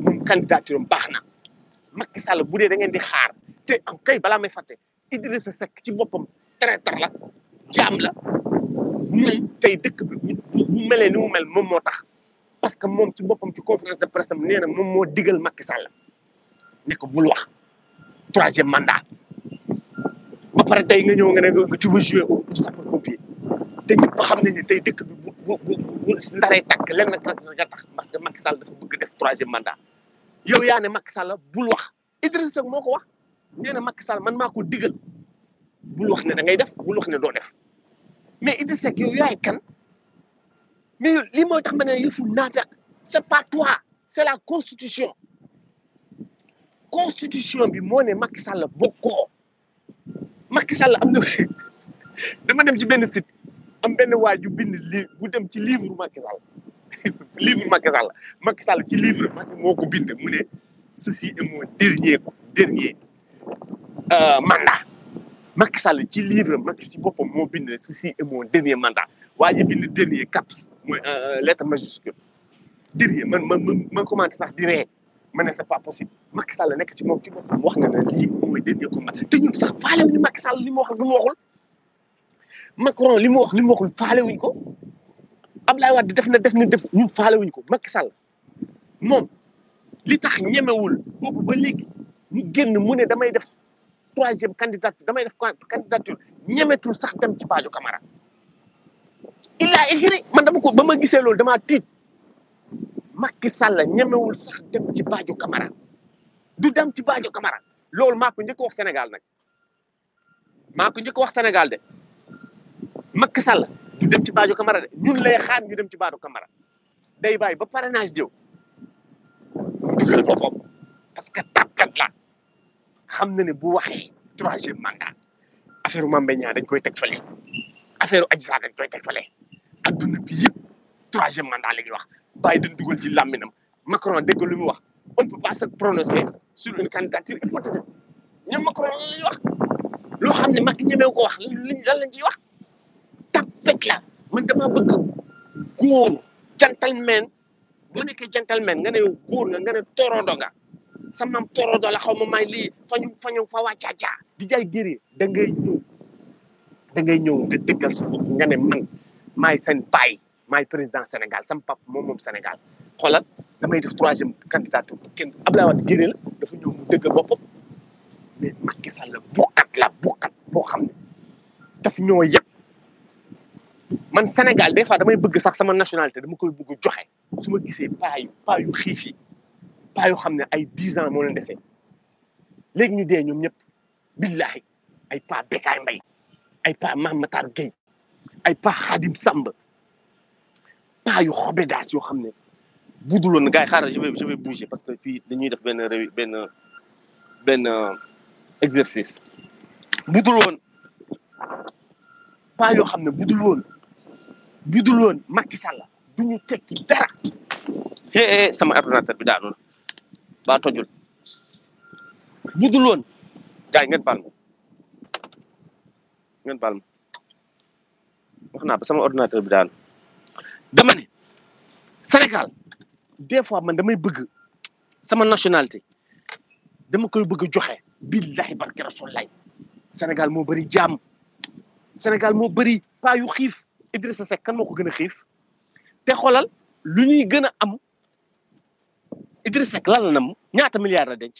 moom candidature am baax na Macky Sall bu dee da ngeen di xaar te am kay balaa may fàtte Idrissa sekk ci boppam traiteur la jaam la moom tey dëkk bi bu melee ni mu mel moom moo tax parce que moom ci boppam ci conférence de presse am nee na moom moo diggal Macky Sall ne ko bul wax troisième mandat ba pare tey nga ñëw nga ne nga tu veux jouer au sapeur pompier té ñepp xam nañ ni tay dëkk bi bu bu bu ndaré tak len nak tak nga tax parce que Macky Sall dafa bëgg def 3e mandat yow ya né Macky Sall bul wax Seck moko wax Macky Sall man mako bul wax né da ngay def bul wax né do def mais Seck yow yaay kan mais li moy tax mané yefu nafaq c'est pas toi c'est la constitution constitution bi mo né Macky Sall bokko Macky Sall amna dama dem ci ben site am benn waa bind li dem ci livre Macky livre Macky Sall ci livre Macky moo bind ceci est mon dernier dernier euh, mandat Macky Sall ci livre Macky ci bopam mo bind ceci est mon dernier mandat waji bind dernier caps moy euh, lettre majuscule dernier man man man commenté sax di mané c'est pas possible Macky Sall nekk ci mom ci bopam wax na li moy dernier combat té ñun sax faale wu ñu Macky Sall li mu wax lu mu waxul. Macron li mu wax li waxul faale wuñ ko Ablaye Wade def na def na def ñun faale wuñ ko Macky Sall moom li tax ñemewul boobu ba léegi ñu génn mu ne damay def troisième candidature damay def candidature ñemetul sax dem ci Badio Camara il a man dama ko ba ma gisee loolu damaa tiit Macky Sall ñemewul sax dem ci Badio Camara du dem ci Badio Camara loolu maa ko njëkk wax senegal nag maa ku njëkk wax Sénégal de Macky Sall du dem ci Badio Camara de ñun lay xaar ñu dem ci Badio Camara day bàyyi ba parrainage jëw mu dugal boppam parce que tapkat la xam na ne bu waxee troisième mandat affaire Mame Mbaye dañ koy teg fa affaire Adji Sarr dañ koy teg fale adduna bi yëpp troisième mandat la wax bàyyi dañ dugal ci làmminam Macron dégg lu mu wax on ne prononcer sur une candidature hypothétique ñoom Macron lan wax loo xam ne Macky ñemeewu ko wax lan lañ ciy wax la man dama bëgg goor gentleman bu nekkee gentleman nga ne goor nga nga ne torodo nga sa maam torodo la xawma may li fañu fañu fa ñu ja di jay géré da ngay ñëw da ngay ñëw nga dëggal sa bopp nga ne man may sen pay may président Sénégal sam pap mom mom Sénégal xoolal damay def 3e candidature ken Abdoulaye wad géré la dafa ñëw mu dëgg boppam mais Macky Sall la bokkat la bokkat bo xam daf ñoo yépp man Sénégal des fois damay bëgg sax sama nationalité dama koy bëgg joxe su ma gisee paa yu paa yu xiif yi paa yoo xam ne ay dix ans moo leen desee léegi ñu dee ñoom ñëpp billahi ay paa Bekaay Mbay ay paa Mamatar Gueye ay paa Xadim Samb paa yu xobedaas yoo xam ne buduloon gars yi xaaral je vais je parce que fii dañuy def benn réwi euh, exercice budul woon yoo xam ne budul woon budul won Macky Sall duñu tekki dara hé sama ordinateur bi daanu ba tojul budul won gaay ngeen bal ngeen bal waxna ba sama ordinateur bi daanu dama ne Sénégal des fois man damay bëgg sama nationalité dama koy bëgg joxé billahi barke rasulallah Sénégal mo bari jam Senegal mo bari pa yu xif Idrissa Seck kan moo ko gën a xiif te xoolal lu ñuy gën a am Idrissa Seck lan la nam ñaata milliards la denc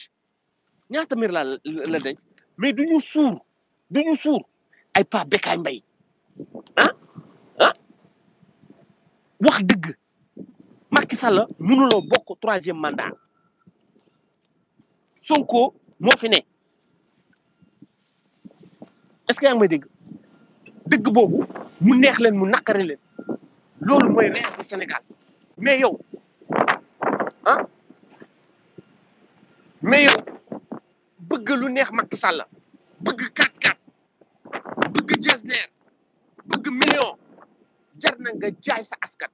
ñaata milliards la denc mais du ñu suur du ñu suur ay pa Bécaye Mbaye ah ah wax dëgg Macky Sall mënuloo bokk troisième mandat Sonko moo fi ne est-ce que yaa ngi may dégg. dëgg boobu mu neex leen mu naqari leen loolu mooy réalité Sénégal mais yow ah mais yow bëgg lu neex Macky Sall bëgg 4-4 bëgg Jesner bëgg million jar na nga jaay sa askan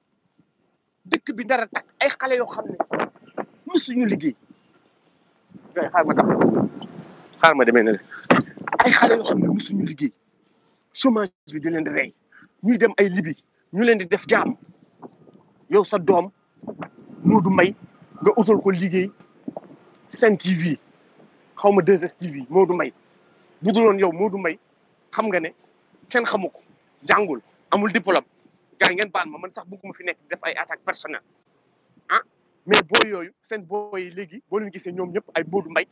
dëkk bi dara takk ay xale yoo xam ne musuñu liggéey xaar ma tax xaar ma demee na ay xale yoo xam ne musuñu liggéey chômage bi di leen rey ñuy dem ay libi ñu leen di def jaam yow sa doom Modou Mbaye nga utal liggéey Sen TV xaw ma 2STV Modou Mbaye bu duloon yow Modou may xam nga ne kenn xamu ko jàngul amul diplôme gaa ngeen baal ma man sax bëgguma fi nekk def ay attaque personnelle ah mais boo yooyu seen booy léegi boo leen gisee ñoom ñëpp ay Modou Mbaye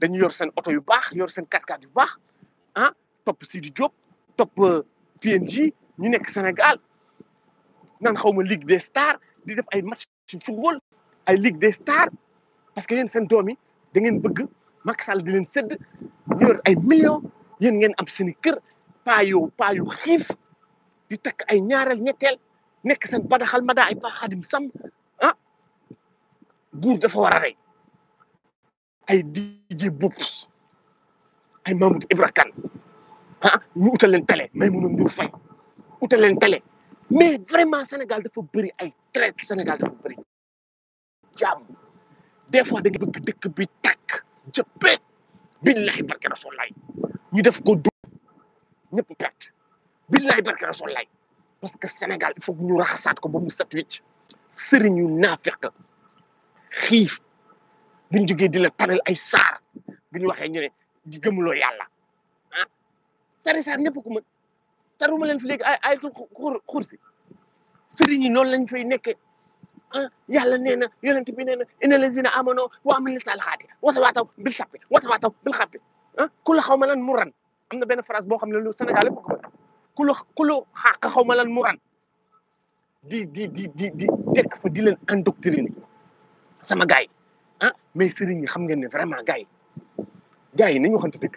dañu yor seen oto yu baax yor seen 4 x yu baax ah topp Sidi Diop top PNG ñu nek Sénégal nan xawma Ligue des Stars di def ay match football ay Ligue des Stars parce que yeen sen domi da ngeen bëgg Macky Sall di leen sedd ñu yor ay millions yeen ngeen am seen kër paa yu paa yu di tak ay ñaaral ñettel nek sen badaxal mada ay pa khadim sam ah bour dafa wara a ay DJ Bops ay Mamoud Ibra ah hein? ñu utal télé mais mënoon nduur fay utal leen télé mais vraiment Sénégal dafa bëri ay traite Sénégal dafa bëri jàmm des fois da nga bëgg dëkk bi tàkk jëppeet billahi barke lay ñu def ko dó ñëpp perte billahi barke lay parce que Sénégal il faut ñu raxasaat ko ba mu set wecc sëriñu naafeq xif buñu joggé dila la tanal ay saar buñu ñu ñu ne di gëmuloo yalla tari saar ñëpp ko mën taruma leen fi léegi ay ayatul xursi sëriñ yi loolu lañ fay nekkee ah yàlla nee na yonent bi nee na inna lazina amano wa amil saalihaati wasawaataw bil sappi wasawaataw bil xappi ah ku la xaw ma lan ran am na benn phrase boo xam ne lu Sénégal yëpp ko mën ku la xaw ma lan mu ran di di di di dekk fa di leen endoctriner sama gars yi ah mais sëriñ yi xam ngeen ne vraiment gars yi gars yi nañu waxante dëgg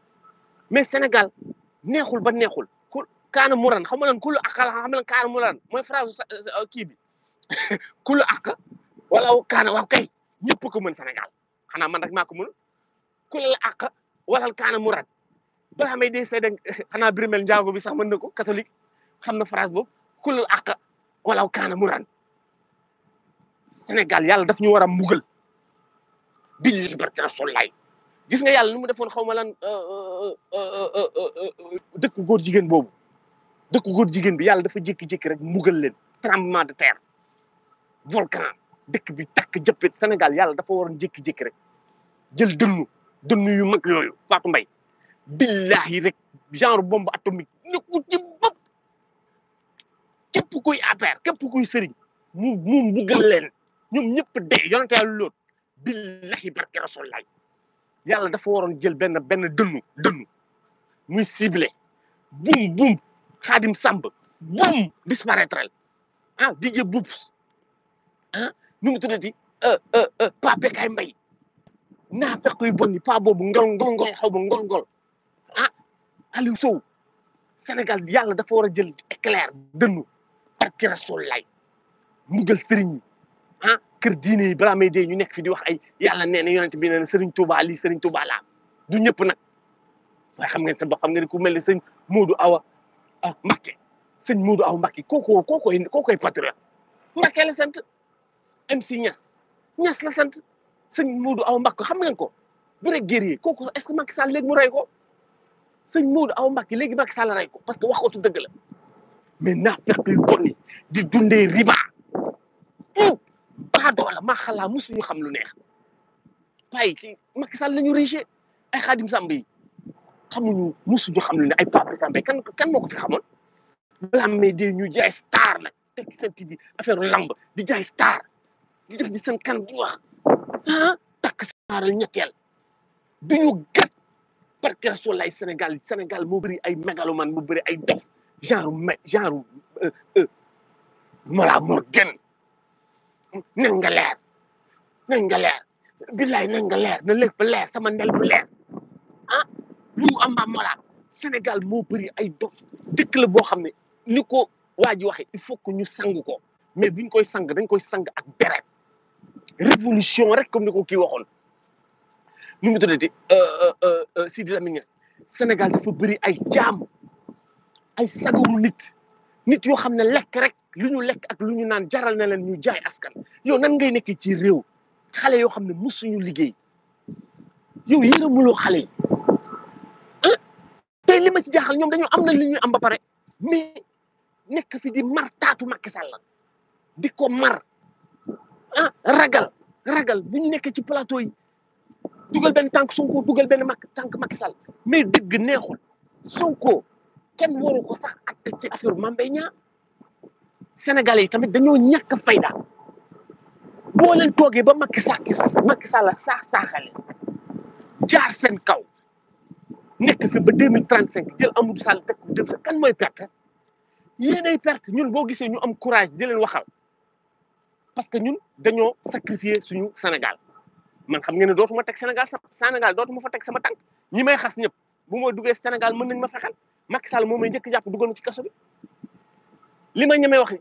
mais Sénégal neexul ba neexul ku kaana muran xam xam nga lan kaana muran mooy phrase kii bi ku lu àq wala kaana waaw kay xanaa man rek maa ko mënul ku la àq wala kaana muran balaa may dee seede xanaa Birmel Njaago bi sax mën na ko catholique xam na phrase boobu ku la àq wala kaana muran Sénégal yàlla daf ñu war a mugal bi liberté gis nga yàlla nu mu defoon xaw ma lan euh, euh, euh, dëkku góor jigéen boobu dëkku góor jigéen bi yàlla dafa jékki-jékki rek mugal leen tremblement de terre volcan dëkk bi takk jëppit Sénégal yàlla dafa waroon jékki-jékki rek jël dënnu dënnu yu mag yooyu Fatou Mbaye billahi rek genre bomb atomique nekku ci bopp képp kuy affaire képp kuy sëriñ mu mu mbugal leen ñoom ñëpp de yonente yàlla lool billahi barke rasulaay yàlla dafa waroon jël benn benn dënnu dënnu muy ciblé boum boum xaadim sàmb boum disparaître ah DJ Boubs ah nu mu tuddati euh, euh, euh, Pa Bekay Mbay naa fekk yu bon yi boobu ngol ngol ngol ah Aliou Sow Sénégal yàlla dafa war a jël éclair dënnu barki rasul lay mbugal yi ah kër diine yi balaa may dee ñu nekk fi di wax ay yalla nee yonent bi nee Serigne Touba ali Serigne Touba la du ñëpp nak way xam ngeen sa bopp xam ngeen ku melni serigne Modou Awa ah Mbacké serigne Modou Awa Mbacké koko koko kookoy patriote Mbacké la sant MC ñass ñass la sant serigne Modou Awa Mbacké xam ngeen ko vrai guerrier koko est-ce que Macky Sall léegi mu ray ko serigne Modou Awa Mbacké léegi Macky Sall ray ko parce que waxatu deug la mais na fekk yu bon di dundé riba. baadoo la maxalaa musuñu xam lu neex waaye ci Macky Sall la ñu riche ay xaadim sàmb yi xamuñu musuñu xam lu ne ay Pape Samba kan moo ko fi xamoon balaa may dee ñu jaay star la tekki seen TV affaire lamb di jaay star di def di seen kanam di wax ah takk saaral ñetteel du ñu gat parker solay Sénégal Sénégal moo bëri ay mégalomane moo bëri ay dof genre genre euh, euh, Mollah Morgun nañ nga leer nañ leer billaay nañ leer na léeg ba leer sama ndel bu leer ah lu amba mola Sénégal moo bëri ay dof dëkk la boo xam ne ni ko waa ji waxee il faut que ñu sang ko mais biñ koy sang dañ koy sang ak deret révolution rek comme ni ko kii waxoon nu mu tuddati euh, euh, euh, Sidi Lamine Niass Sénégal dafa bëri ay jaam ay sagaru nit nit yoo xam ne lekk rek lu ñu lekk ak lu ñu naan jaral na leen ñu jaay askan yow nan ngay nekkee ci réew xale yoo xam ne musuñu liggéey yow yërëmuloo xale yi ah tey li ma ci jaaxal ñoom dañoo am na li ñuy am ba pare mais nekk fi di mar taatu Macky di ko mar ah ragal ragal bu ñu nekkee ci plateau yi dugal benn tànk Sonko dugal benn mag tànk Macky Sall mais dëgg neexul Sonko kenn waru ko sax atte ci affaire Mame Mbaye Niang Sénégalais yi tamit dañoo ñàkk fayda boo leen toogee ba Macky Sall Macky Sall saax saaxale jaar seen kaw nekk fi ba deux mille trente cinq jël Amadou Sall teg ko dem sa kan mooy perte yéenay perte ñun boo gisee ñu am courage di leen waxal parce que ñun dañoo sacrifier suñu Sénégal man xam ngeen ne dootuma teg Sénégal sama Sénégal dootuma fa teg sama tànk ñi may xas ñëpp bu ma duggee Sénégal mën nañ ma fexeel Macky Sall moo may njëkk jàpp dugal ma ci kaso bi li ma ñemee wax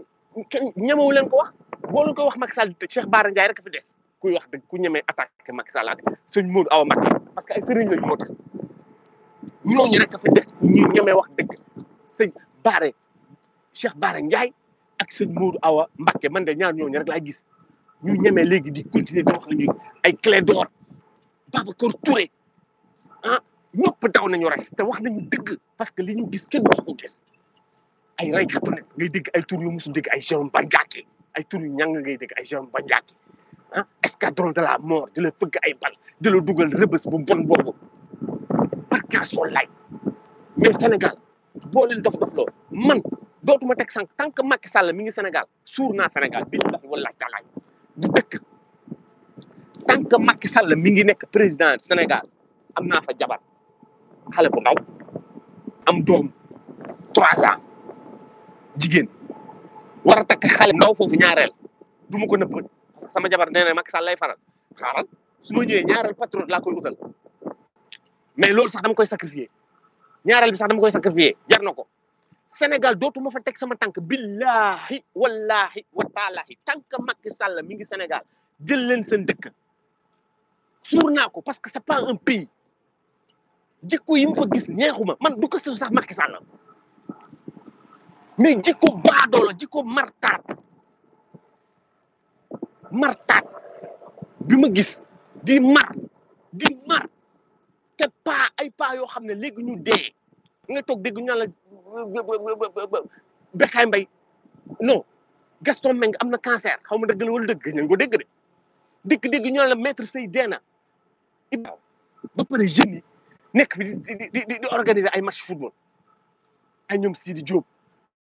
kenn ñemewu leen ko wax boo leen ko wax Macky Sall Cheikh Bara Ndiaye rek fi des ku wax dëgg ku ñemee attaqué Macky Sall ak sëñ Modou Awa Macky parce que ay sëriñ lañ moo tax ñooñu rek fi des ñu wax dëgg sëñ Cheikh Bara Ndiaye ak sëñ Modou Awa Mbacké man de ñaar ñooñu rek laa gis ñu ñemee léegi di continuer di wax ñuy ay clé d'or Babacar Touré ah ñëpp daw nañu res te wax nañu dëgg parce que li ñu gis kenn du ko gis. ay ray raykatu nag ngay deg ay tour yu musu deg ay Jérôme Bandiaky ay tour yu ñàng ngay deg ay Jérôme Bandiaky hein escadron de la mort di la fëgg ay bal di la duggal rebeus bu bon bobu boobu barkaasoo lay mais Sénégal bo leen dof dof lo man dootuma tek sank tank Macky Sall mi ngi Sénégal sour na Sénégal billahi wallahi taalaay du dekk tank Macky Sall mi ngi nek président Sénégal amna fa jabar xale bu ndaw am dom 3 ans jigéen war a takk xale ndaw foofu ñaareel du ma ko nëbb parce que sama jabar nee na Macky faral xaaral su ma ñëwee ñaareel patron laa koy utal mais loolu sax dama koy sacrifier ñaareel bi sax dama koy sacrifier jar na ko Sénégal dootuma fa teg sama tànk billahi wallahi wa taalahi tànk Macky Sall mi ngi Sénégal jël leen seen dëkk suur naa ko parce que c'est pas un pays jikko yi mu fa gis neexuma man du ko sax Macky Sall mais jiko baadoola jikko martaat martat bi gis di mar di mar té pa ay pa yo xamné légui ñu dé nga tok dégg ñala bekay mbay non Gaston meng amna cancer xawma ma dëgg la wala dëgg ñu ko dégg de dik dik ñu la maître Sey déna ba paré jeunes nek fi di di di organiser ay match football ay ñoom Sidi Diop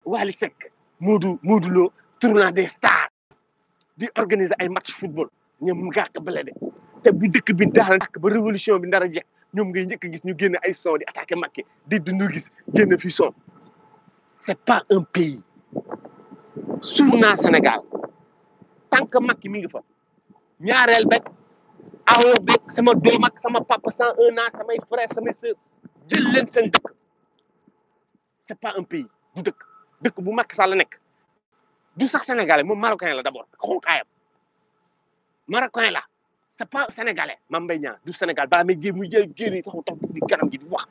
Wally Seck Modou Modou Lo tournoi des stars di organiser ay match football ñoom gàkk bële de te bu dëkk bi a dàkk ba révolution bi a jekk ñoom ngay njëkk gis ñu génn ay son di attaqué Macky di dundu gis génn fi son c'est pas un pays suur naa Sénégal tant que Macky mi ngi fa ñaareel beeg awo sama doom ak sama papa sans un samay frère samay sœur jël leen dëkk c'est pas un pays du dëkk dëkk bu Macky Sall nekk du sax sénégalais moom marocain la d' abord xonkaayam marocain la c' est pas sénégalais mam Mbaye Niang du Sénégal balaa may jéem mu jël génn taxu tax di kanam ji di wax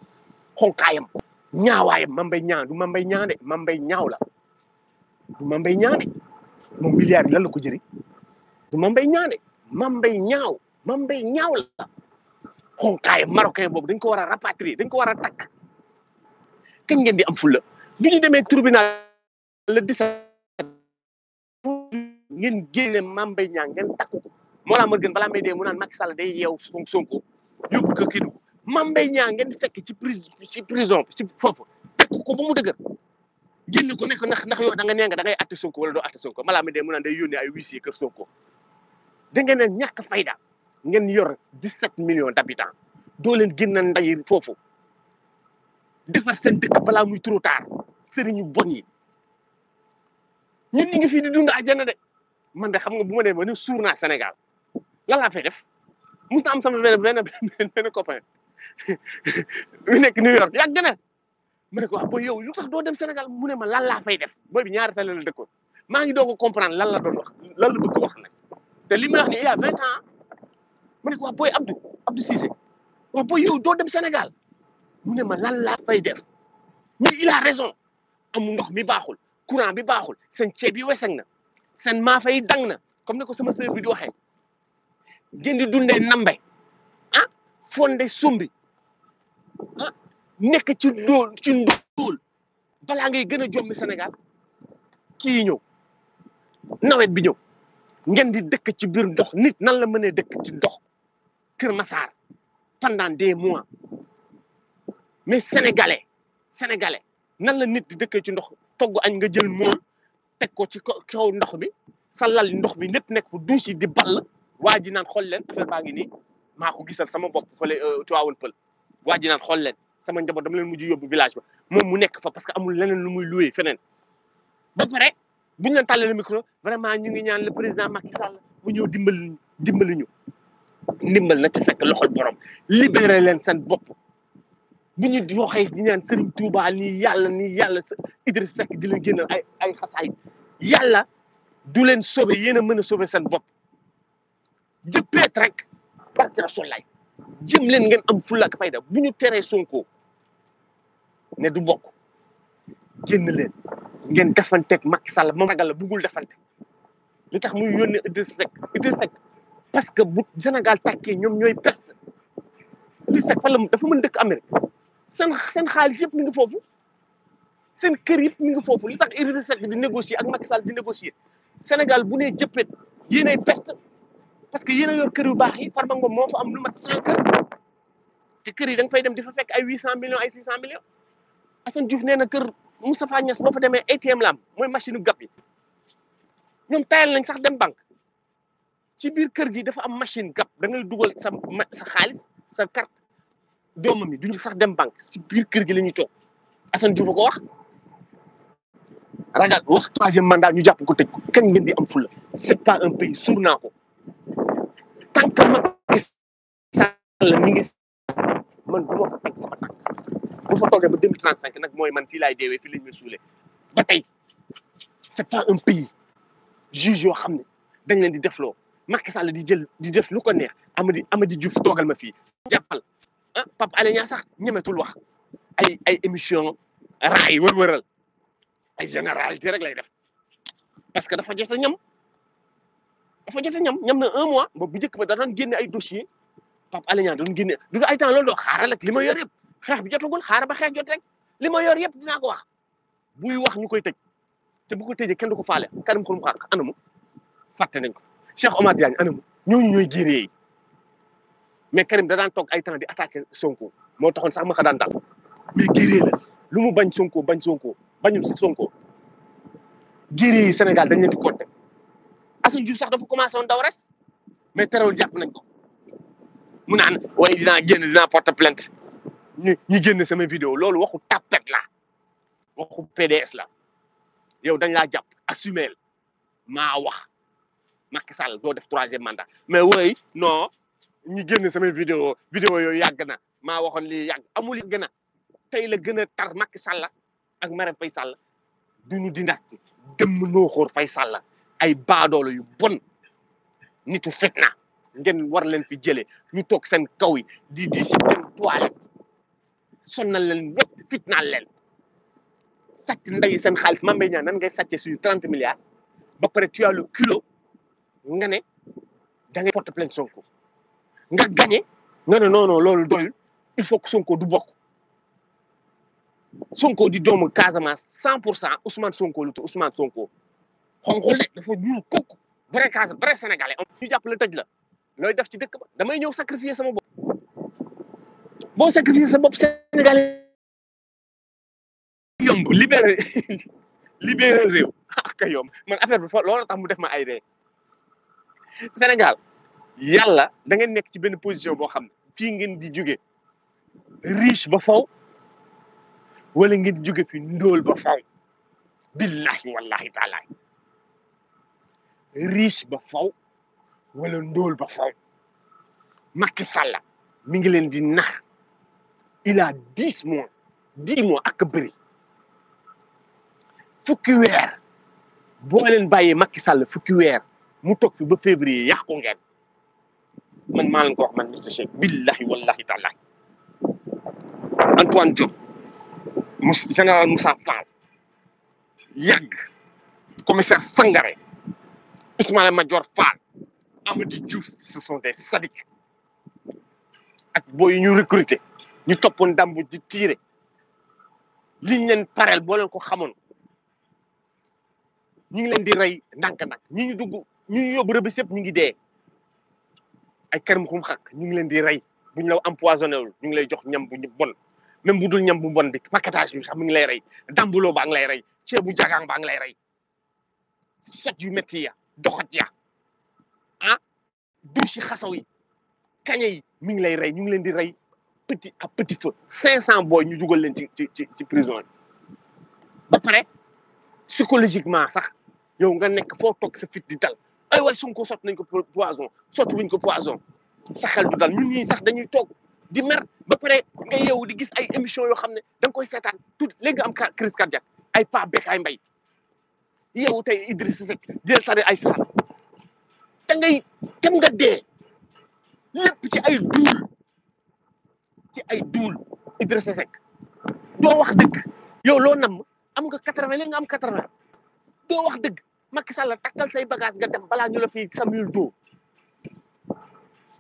xonkaayam ñaawaayam mam Mbaye Niang du mam Mbaye Niang de mam Mbaye ñaaw la du mam Mbaye Niang de moom milliard yi lan la ko jëri du mam Mbaye Niang de mam Mbaye ñaaw mam Mbaye ñaaw la xonkaayam marocain boobu dañ ko war a rapatrier dañ ko war a takk kañ ngeen di am fulla bi ñu demee tribunal le 17 ngeen génne Mame Mbaye Niang ngeen takku ko moo laa mën gën balaa may dee mu naan Macky Sall day yeew Sonko yóbbu ko Kédougou Mame Mbaye Niang ngeen fekk ci pris ci prison ci foofu takku ko ba mu dëgër génne ko nekk nax nax yow da nga nee nga da ngay atte Sonko wala doo atte Sonko balaa may dee mu naan day yónnee ay huissier kër ko da ngeen ne ñàkk fayda ngeen yor 17 millions d' habitants doo leen génne nday foofu defar seen dëkk balaa muy taar tard sëriñu bon yi ñun ñu ngi fii di dund àjjana de man de xam nga bu ma dee ba ne suur naa Sénégal lan laa fay def mus na am sama benn benn benn copain bi nekk New York yàgg na ma ne ko waaw ah, booy yow lu tax doo dem Sénégal mu ne ma lan laa fay def booy bi ñaari tali la dëkkoon maa ngi doog a comprendre lan la doon wax lan la bëgg wax nag te li muy wax il y a vingt ans ma ne ko waaw ah, booy Abdou Abdou Cissé waaw ah, booy yow doo dem Sénégal. mu ne ma lan laa fay def mais il a raison amu mi baaxul courant bi baaxul seen ceeb yi weseng na seen maafa yi dang na comme ni ko sama sœur bi di waxee ngeen di dundee nambe ah fonde sumbi ah nekk ci ndóol ci balaa ngay gën a jommi Sénégal kii ñëw nawet bi ñëw ngeen di dëkk ci biir dox nit nan la mënee dëkk ci dox Kër Massar pendant des mois mais sénégalais sénégalais nan la nit di dëkkee ci ndox togg añ nga jël mool teg ko ci kaw ndox bi sa lal ndox bi lépp nekk fu douche yi di ball waa ji naan xool leen affaire baa ngi nii maa ko gisal sama bopp fële euh, Tivaouane Pël waa ji naan xool leen sama njaboot am leen mujj yóbbu village ba moom mu nekk fa parce que amul leneen lu muy loué feneen ba pare bu ñu leen tàllee le micro vraiment ñu ngi ñaan le président Macky Sall bu ñëw dimbali dimbali ñu ndimbal na ci fekk loxo borom libéré leen seen bopp bu ñu waxee di ñaan Serigne Touba nii yàlla nii yàlla Idriss Seck di leen génnal ay ay xasaay yàlla du leen sauver yéen a mën a sauver seen bopp jëppeet rek barke Rasulaay jëm leen ngeen am fulla ak fayda bu ñu teree Sonko ne du bokk génn leen ngeen defanteeg Macky Sall ma ragal la buggul defante li tax muy yónnee Idriss Seck Idriss parce que bu Sénégal tàkkee ñoom ñooy perte Idriss Seck fan la dafa mën dëkk Amérique seen seen xaalis yëpp mi ngi foofu seen kër yëpp mi ngi foofu li tax Idrissa Seck di négocier ak Macky Sall di négocier Sénégal bu nee jëppet yéenay perte parce que yéen a yor kër yu baax yi Farba Ngom moo fa am lu mat cent kër te kër yi da nga fay dem di fa fekk ay huit cent millions ay six cent millions Assane Diouf nee na kër Moustapha Niass boo fa demee ATM la am mooy machine yu gàpp yi ñoom tayal nañ sax dem banque ci biir kër gi dafa am machine gàpp da ngay dugal sa sa xaalis sa carte doomam yi duñu sax dem banque si biir kër gi la ñuy toog Assane Diouf ko wax ragal wax troisième mandat ñu jàpp ko tëj ko kañ ngeen di am fulla c'est pas un pays suur naa ko tant que Macky Sall man du ma fa teg sama tànk toogee ba deux mille trente cinq mooy man fii laay deewee fii ba tey c'est pas un pays juge yoo xam ne dañ leen di defloo Macky Sall di jël di def lu ko neex Amady Amady Diouf toogal ma fii jàppal ah Pape Alé Niang sax ñemetul wax ay ay émission raay wër-wëral ay généralité rek lay def parce que dafa jot a ñam dafa jot ñam ñam na un mois ba bu njëkk ba da génne ay dossier Pape Alé Niang génne du ay temps loolu doo xaaral ak li ma yor yëpp xeex bi jotagul xaaral ba xeex jot rek li ma yor yëpp dinaa ko wax buy wax ñu koy teg te bu ko tëjee kenn du ko faale kanam xurum anamu fàtte nañ ko Cheikh Omar Diagne anamu ñooñu ñooy géeree mais Karim da daan toog ay temps di attaqué Sonko moo taxoon sax ma ko daan dal mais géeree la lu mu bañ Sonko bañ Sonko bañul sax Sonko géeree yi Sénégal dañ leen di compter Assane Diouf sax dafa commencé woon daw res mais terewul jàpp nañ ko mu naan waaye dinaa génn dinaa porte plainte ñu ñu génn sama vidéo loolu waxu tapet la waxu PDS la yow dañ laa jàpp assumel maa wax Macky Sall doo def troisième mandat mais wooy non ñi génn samay vidéo vidéo yooyu yàgg na maa waxoon lii yàgg amul yàgg na tey la gën a tar Macky sàlla ak Marème Faye Sall duñu dynastie dëmm nooxóor Faye Sall ay baadoolo yu bon nitu fitna ngeen war leen fi jëlee ñu toog seen kaw yi di di si seen toilette sonnal leen wépp fitnaal leen sàcc ndeyi seen xaalis ma Mbaye Niang nan ngay sàcce si trente milliards ba pare tu as le culot nga ne da ngay porte plainte Sonko nga gagné nga ne non loolu doyul il faut que Sonko du bokk Sonko di doomu Casamance cent pour cent Ousmane Sonko lu te Ousmane Sonko xonqul de dafa ñuul kooku vrai Casa vrai sénégalais am ñu jàpp la tëj la looy def ci dëkk ba damay ñëw sacrifier sama bopp boo sacrifier sa bopp sénégalais yomb libéré libéré réew ah yomb man affaire bi fa loolu tax mu def ma ay ree Sénégal yàlla da ngeen nekk ci benn position boo xam ne fii ngeen di jóge riche ba faw wala ngeen di jóge fi ndóol ba faw billahi wallahi taalaay riche ba faw wala ndóol ba faw Macky Sall mi ngi leen di nax il a dix mois dix mois ak bëri fukki weer boo leen bàyyee Macky Sall fukki weer mu toog fi ba février yàq ko ngeen man maa leen ko wax man Mister Shake billahi wallahi taalahi Antoine Diop mu général Moussa Fall yàgg commissaire Sangaré Ismaïla Madior Fall Amady Diouf ce sont des sadiques ak booy ñu recruter ñu toppoon dambu di tiire liñ leen pareel boo leen ko xamoon ñu ngi leen di rey ndànk-ndànk ñi ñu dugg ñu ñu yóbbu rëbës yëpp ñu ngi dee ay karim xum xaq ñu ngi leen di rey bu ñu la empoisonné wul ñu ngi lay jox ñam bu bon même bu dul ñam bu bon bi paquetage bi sax mu ngi lay ray dambuloo baa ngi lay rey ceebu jagaan baa ngi lay rey sot yu métti ya doxat ya ah douche yi xasaw yi kañe yi mi ngi lay rey ñu ngi leen di rey petit à petit feu cinq cent booy ñu dugal leen ci ci ci prison yi ba pare psychologiquement sax yow nga nekk foo toog sa di dal ay way sunko sot nañ ko poison sot wuñ ko poison sa xel du dal ñun ñi sax dañuy tok di mer ba paré nga yew di gis ay émission yo xamné dang koy sétane tout léegi nga am crise cardiaque ay pa bék ay mbay yew tay idriss Seck jël tane ay saal da ngay dem nga dé lépp ci ay duul ci ay duul idriss Seck do wax dëgg yow lo nam am nga 80 vingt nga am 80 do wax dëgg Macky Sall takkal say bagage nga dem balaa ñu la fi Samuel Doe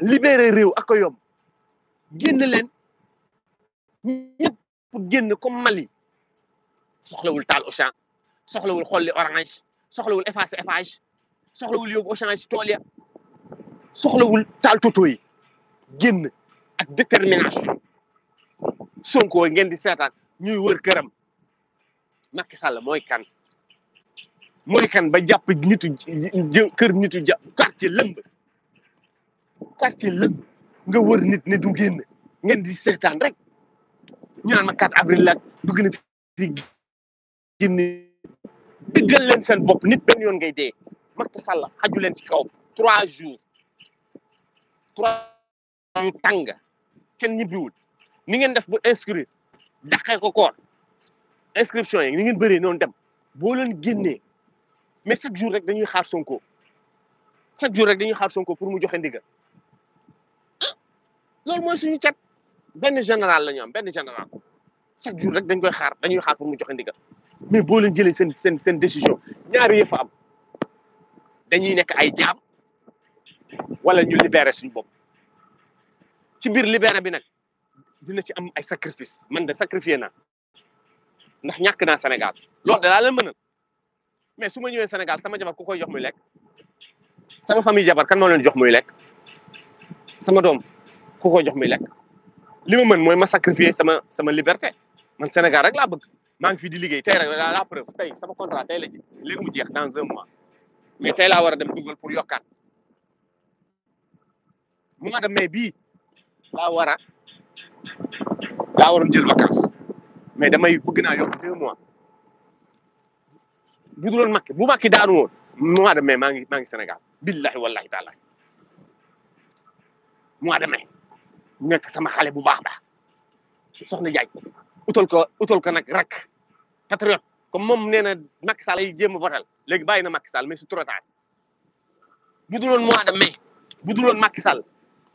libéré réew ak yom génn leen ñëpp génn comme Mali soxlawul taal Auchan soxlawul xolli orange soxlawul effacé effage soxlawul yóbbu Auchan ci tool ya soxlawul taal toto yi ak détermination Sonko ngeen di seetaan ñuy wër këram Macky Sall mooy kan moy kan ba japp nitu keur nitu japp quartier lëmb quartier lëmb nga wër nit ne du genn ngeen di seetaan rek ñu naan ma 4 avril la dugg na fi genn diggal len sen bop nit ben yon ngay dé makka Sall xaju len ci kaw 3 jours trois jours tàng kenn ñibbiwul ni ngeen def bu inscrire daxé ko koor inscription yi ni ngeen bëré non dem bo leen génnee mais chaque jour rek dañuy xaar Sonko chaque jour rek dañuy xaar Sonko pour mu joxe ndigal ah, loolu mooy suñu cat benn général la ñu am benn général chaque jour rek dañ koy xaar dañuy xaar pour mu joxe ndigal mais boo leen jëlee seen seen seen décision ñaar yëf a am dañuy nekk ay jaam wala ñu libéré suñu bopp ci biir libéré bi nag dina ci am ay sacrifice man de sacrifié ndax ñàkk naa Sénégal loolu da laa leen mais su ma ñëwee Sénégal sama jabar ku koy jox muy lekk sama famille jabar kan moo leen jox muy lekk sama doom ku koy jox muy lekk li ma mën mooy ma sacrifier sama sama liberté man Sénégal rek laa bëgg maa ngi fi di liggéey tey rek la la preuve tey sama contrat tey la ji mu jeex dans un mois mais tey laa war a dem dugal pour yokkaat mois de mai bii laa war a laa waroon jël vacance mais damay bëgg naa yokk deux mois bu du loon bu Macky daanu woon mois de mai maa ngi maa ngi Sénégal billahi wallahi taala mois de mai nekk sama xale bu baax ba soxna jaaj utal ko utal ko nag rak patriote comme moom nee na Macky Sall ay jéem a votal léegi bàyyi na Macky Sall mais c'est trop tard bu du mois de mai bu du loon Macky Sall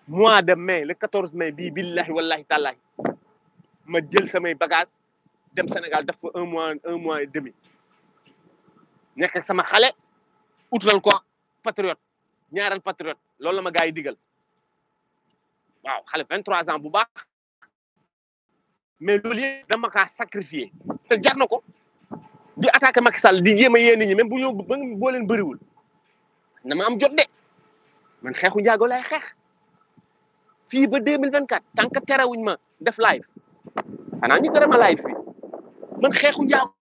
mois de mai le 14 mai bii billahi wallahi taala ma jël samay bagage dem Sénégal def ko un mois un mois et demi nekk sama xale utal ko patriote ñaareel patriote loolu la ma gars yi digal waaw xale 23 ans bu baax mais lool yëpp dama kaa sacrifié te jar na ko di attaque Macky Sall di jéem a yee ñi même bu ñoo ba boo leen bëriwul na ma am jot de man xeexu njaago lay xeex fii ba 2024 tant que terewuñ ma def live xanaa ñu tere ma live fii man xeexu njaago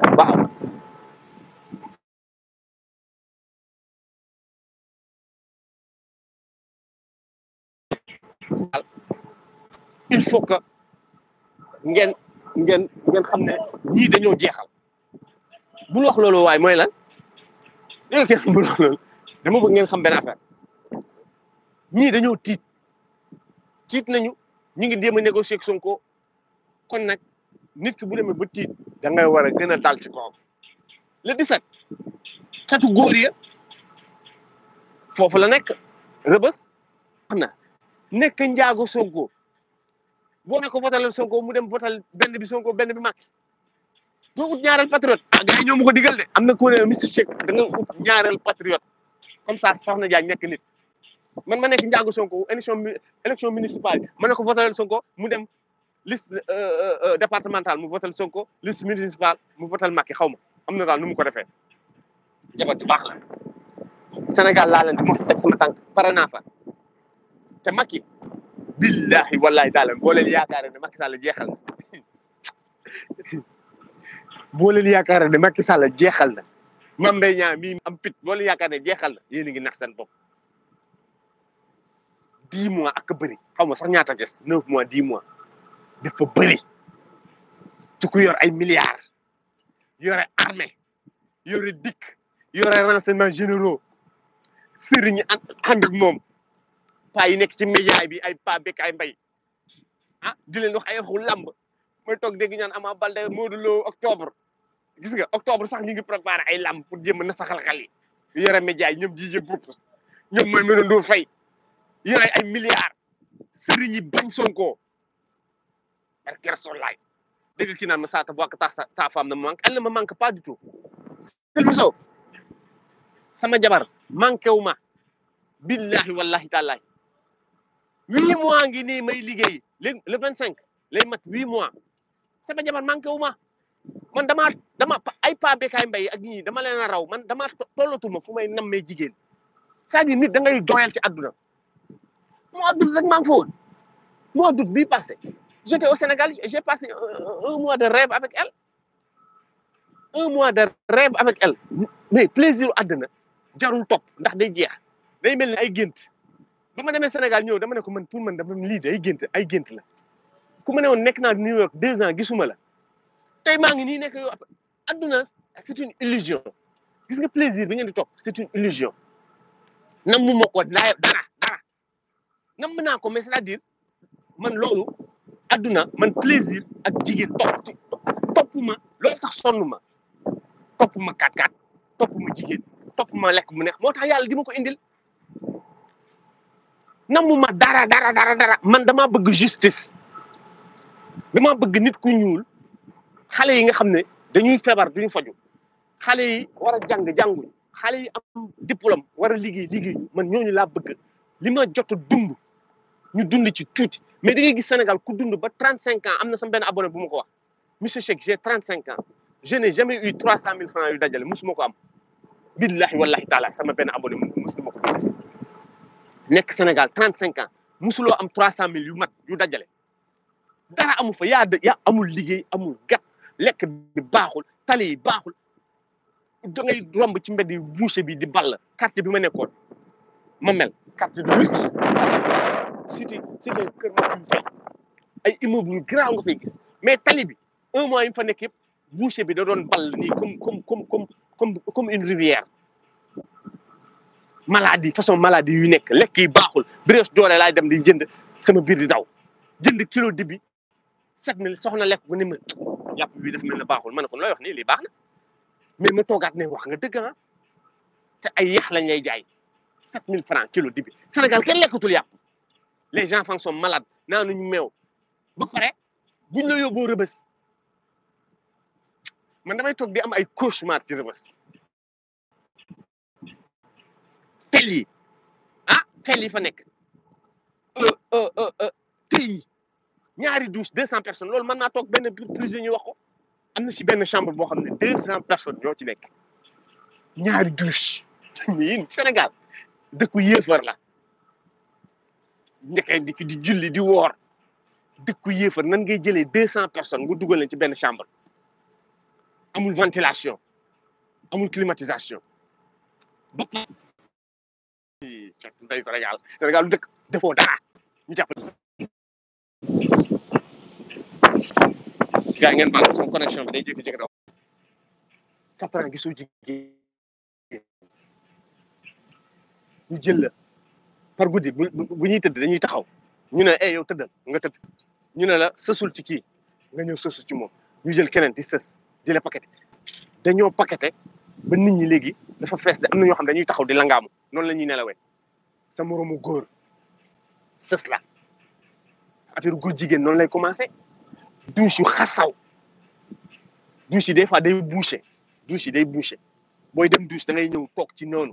của bão il faut que ngeen ngeen ngeen xam ne ñii dañoo bu bul wax loolu waaye mooy lan dégg ngeen bul wax loolu dama bëgg ngeen xam benn affaire ñii dañoo tiit tiit nañu ñu ngi jéem a négocier ak Sonko kon nag nit ki bu demee ba tiit da ngay war a gën a dal ci kawam le 17 catégorie foofu la nekk rëbës wax na nekk njaago Sonko boo ne ko votalal Sonko mu dem votal benn bi Sonko benn bi Macky doo ut ñaareel patriote ah gars yi ñoo ma ko digal de am na ku ne Mister ut ñaareel patriote comme ça soxna Diagne nekk nit man ma nekk njaago Sonko élection élection municipale ma ne ko votalal Sonko mu dem liste euh, euh, euh, departemental mu votal Sonko liste municipale mu votal Macky xaw ma am na daal nu mu ko defee jabar ju baax la Sénégal laa leen di ma fa teg sama tànk pare naa fa te Macky billahi wallahi taalam boo leen yaakaaree ne Macky Sall jeexal na boo leen yaakaaree ne Sall jeexal na ma Mbaye Niang am pit boo leen yaakaar ne jeexal na yéen a ngi nax seen bopp dix mois ak bëri xaw ma sax ñaata des neuf mois dix mois dafa bëri ci ku yor ay milliards yore armée yore dik yore renseignement généraux serigne and ak mom pa yi nek ci média bi ay pa bek ay mbay ah di len wax ay waxu lamb moy tok dégg ñaan Ama balde modulo octobre gis nga octobre sax ñi ngi préparer ay lamb pour jëm na saxal xali yore média yi jije boppus ñom moy mënoon do fay yore ay milliards serigne bañ Sonko elle gets son life dégg ki naan ma sa ta voix que ta ta femme me manque elle ne me manque pas du tout Sylvie sama jabar manqué wu ma billahi wallahi taala, huit mois ngi nii may liggéey léegi le vingt lay mat huit mois sama jabar manqué wu ma man damaa dama ay pa bekaay mbay ak ñii dama leen a raw man damaa tollatuma fu may nammee jigéen c'est-à-dire nit da ngay doyal ci àdduna moo addut rek maa ngi fa woon moo passé J'étais au Sénégal, j'ai passé un, un, mois de rêve avec elle. Un mois de rêve avec elle. Mais plaisir àddina jarul topp ndax day jeex day mel ni ay gént ba ma ne demee Sénégal ñëw dama ne ko man pour man dama lii de ay gént ay gént la ku ma ne woon nekk naa New York deux ans gisuma la tey maa ngi nii nekk yow àdduna c'est une illusion gis nga plaisir bi ngeen di topp c'est une illusion nam mu ma ko dara dara nam naa ko mais c'est-à-dire man loolu aduna man plaisir ak jigéen top topuma topuma tax sonuma topuma kat kat topuma ma topuma lek mu nekh motax yalla dima ko indil namuma dara dara dara dara man dama bëgg justice dama bëgg nit ku ñuul xalé yi nga xamne dañuy febar duñ faju xalé yi wara jang jangul xalé yi am diplôme wara liggéey man ñoñu la bëgg lima jottu dundu ñu dund ci mais da Sénégal ku dund 35 ans am sama abonné monsieur Cheikh j'ai 35 ans je n'ai jamais eu 300 000 francs yu dajale musuma ko am billahi wallahi taala sama benn abonné il ko nekk Sénégal 35 ans musuloo am 300 000 yu mat yu dajale dara amu fa yaa yaa amul liggéey amul gat lekk bi baaxul tali yi baaxul da ngay romb ci mbedd yi bi di ball luxe city cité cité Kër Martin Seye ay immeuble yu grand nga fay gis mais talibi un mois yim fa nekk yëpp boucher bi da doon bal ni comme comme comme comme comme une rivière maladie façon maladie yu nekk lek yi baxul brioche doore lay dem di jënd sama bir di daw jënd kilo dibi sept mille soxna lek bu ne ma yap bi daf melni baxul man ko lay wax ni li baxna mais ma togat ne wax nga deug ha te ay yax lañ lay jaay 7000 francs kilo dibi Sénégal kenn lekatul yap les enfants sont malades nous Ils sont malades. buñ la malades. Ils man malades. ils di am cauchemar ci Ils sont ah sont malades. Ils sont malades. Ils ñaari douche 200 personnes loolu sont malades. Ils sont malades. ñu wax ko une chambre qui Ils 200 personnes. personnes ñoo ci Sénégal. ñaari douche Sénégal ñëkkee di fi di julli di woor dëkku yéefar nan ngay jëlee deux cent personnes nga dugal leen ci benn chambre amul ventilation amul climatisation dëkk day sénégal sénégal lu dëkk defoo dara ñu jàpp gaa ngeen baal sama connexion bi day jékki-jékki daw quatre ans gisoo jigéen ñu jël la par guddi bu bu ñuy tëdd dañuy taxaw ñu ne eh yow tëddal nga tëdd ñu ne la sësul ci kii nga ñëw sësu ci moom ñu jël keneen di sës di la paqueté dañoo paqueté ba nit ñi léegi dafa fees de am na ñoo xam dañuy taxaw di langaamu noonu la ñuy nelawee sa moroomu góor sës la affaire góor jigéen noonu lay commencé douche yu xasaw douche yi des fois day bouché douche yi day bouché booy dem douche da ngay ñëw toog ci noonu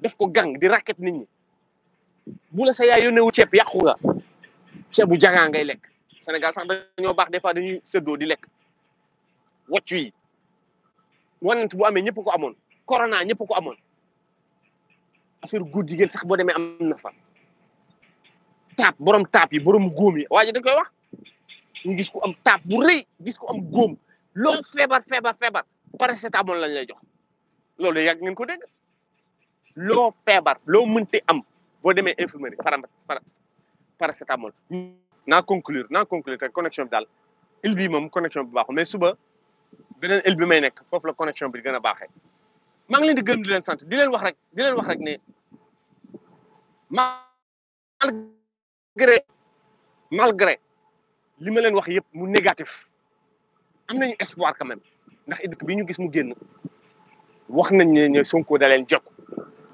def ko gang di racket nit ñi bu la sa yaay yónnewu ceeb yàqu nga bu jangaa ngay lek senegal sax dañoo bax des fois dañuy seddo di one wocc yi wonent bu amé ñepp ko amoon corona ñepp ko amon, affaire goudi gel sax bo démé am na fa tap borom tap yi borom goom yi waji dañ koy wax ñu gis ku am tap bu reuy gis ku am goom lo febar febar febar paracetamol lañ lay jox loolu yak ngeen ko loo feebar loo mënti am boo demee infirmerie faram par paracétamol naa conclure naa conclure te connexion bi daal il bi moom connexion bi baaxul mais suba beneen il bi may nekk foofu la connexion bi gën a baaxee maa ngi di gërëm di leen sante di leen wax rek di leen wax rek ne malgré malgré li ma leen wax yëpp mu négatif am nañu espoir quand même ndax dëkk bi ñu gis mu génn wax nañ ne Sonko da leen jokk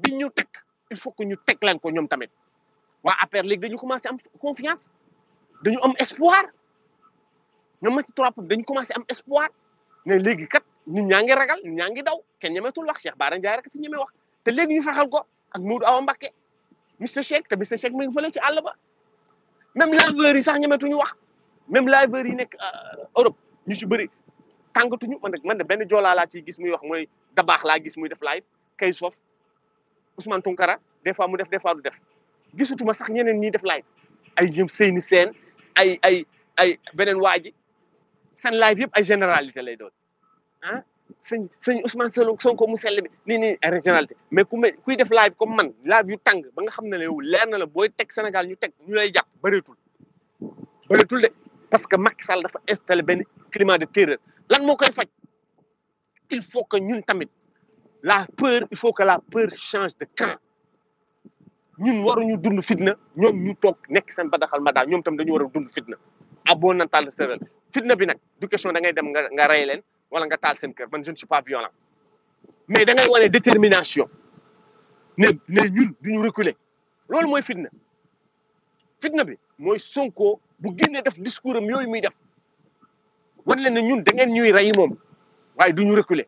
bi ñu teg il faut que ñu teg leen ko ñoom tamit waa APR léegi dañu commencé am confiance dañu am espoir ñoom ma ci trois dañu commencé am espoir ne léegi kat nit ñaa ngi ragal nit ñaa ngi daw kenn ñemeetul wax Cheikh Bara Ndiaye rek fi ñemee wax te léegi ñu fexal ko ak Modou Awa Mbacké Mister Cheikh te Mister Cheikh mi ngi fële ci àll ba même laveurs yi sax ñemeetuñu wax même laveurs yi nekk euh, Europe ñu ci bëri tàngatuñu man de man de benn joolaa laa ciy gis muy wax mooy dabaax laa gis muy def live kay sof Ousmane Tounkara des fois mu def des fois du def gisutuma sax ñeneen ñiy def live ay ñoom Seyni seen ay ay ay beneen waa ji seen live yëpp ay généralité lay doon ah sëñ sëñ Ousmane Sonko mu sell bi nii nii ay généralité mais ku me kuy def live comme man live yu tàng ba nga xam ne la yow na la booy teg Sénégal ñu teg ñu lay jàpp bëreetul bëreetul de parce que Macky Sall dafa installé benn climat de terreur lan moo koy faj il faut que ñun tamit la peur il faut que la peur change de camp ñun nous dund fitna Nous, ñu tok nous sen ma tam dañu wara dund fitna serel fitna bi nak du question da ngay dem nga nga wala nga tal sen man je ne suis pas violent mais da ngay wone détermination ne ne ñun duñu reculer moy fitna fitna bi son Sonko bu guéné def discours yoy muy def wan Nous ne ñun da ngay ñuy nous, Waye duñu reculer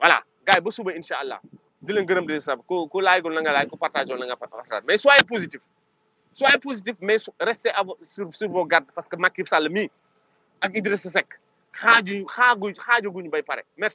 voilà ay yi ba suba incha allah di leen gërëm di leen sab ku ku laajul na nga laaj ku partagé na nga partage mais soyez positif soyez positif mais restez à sur sur vos gardes parce que Macky Sall mii ak Idrissa Seck xaaju xaagu xaajaguñu bay pare merci.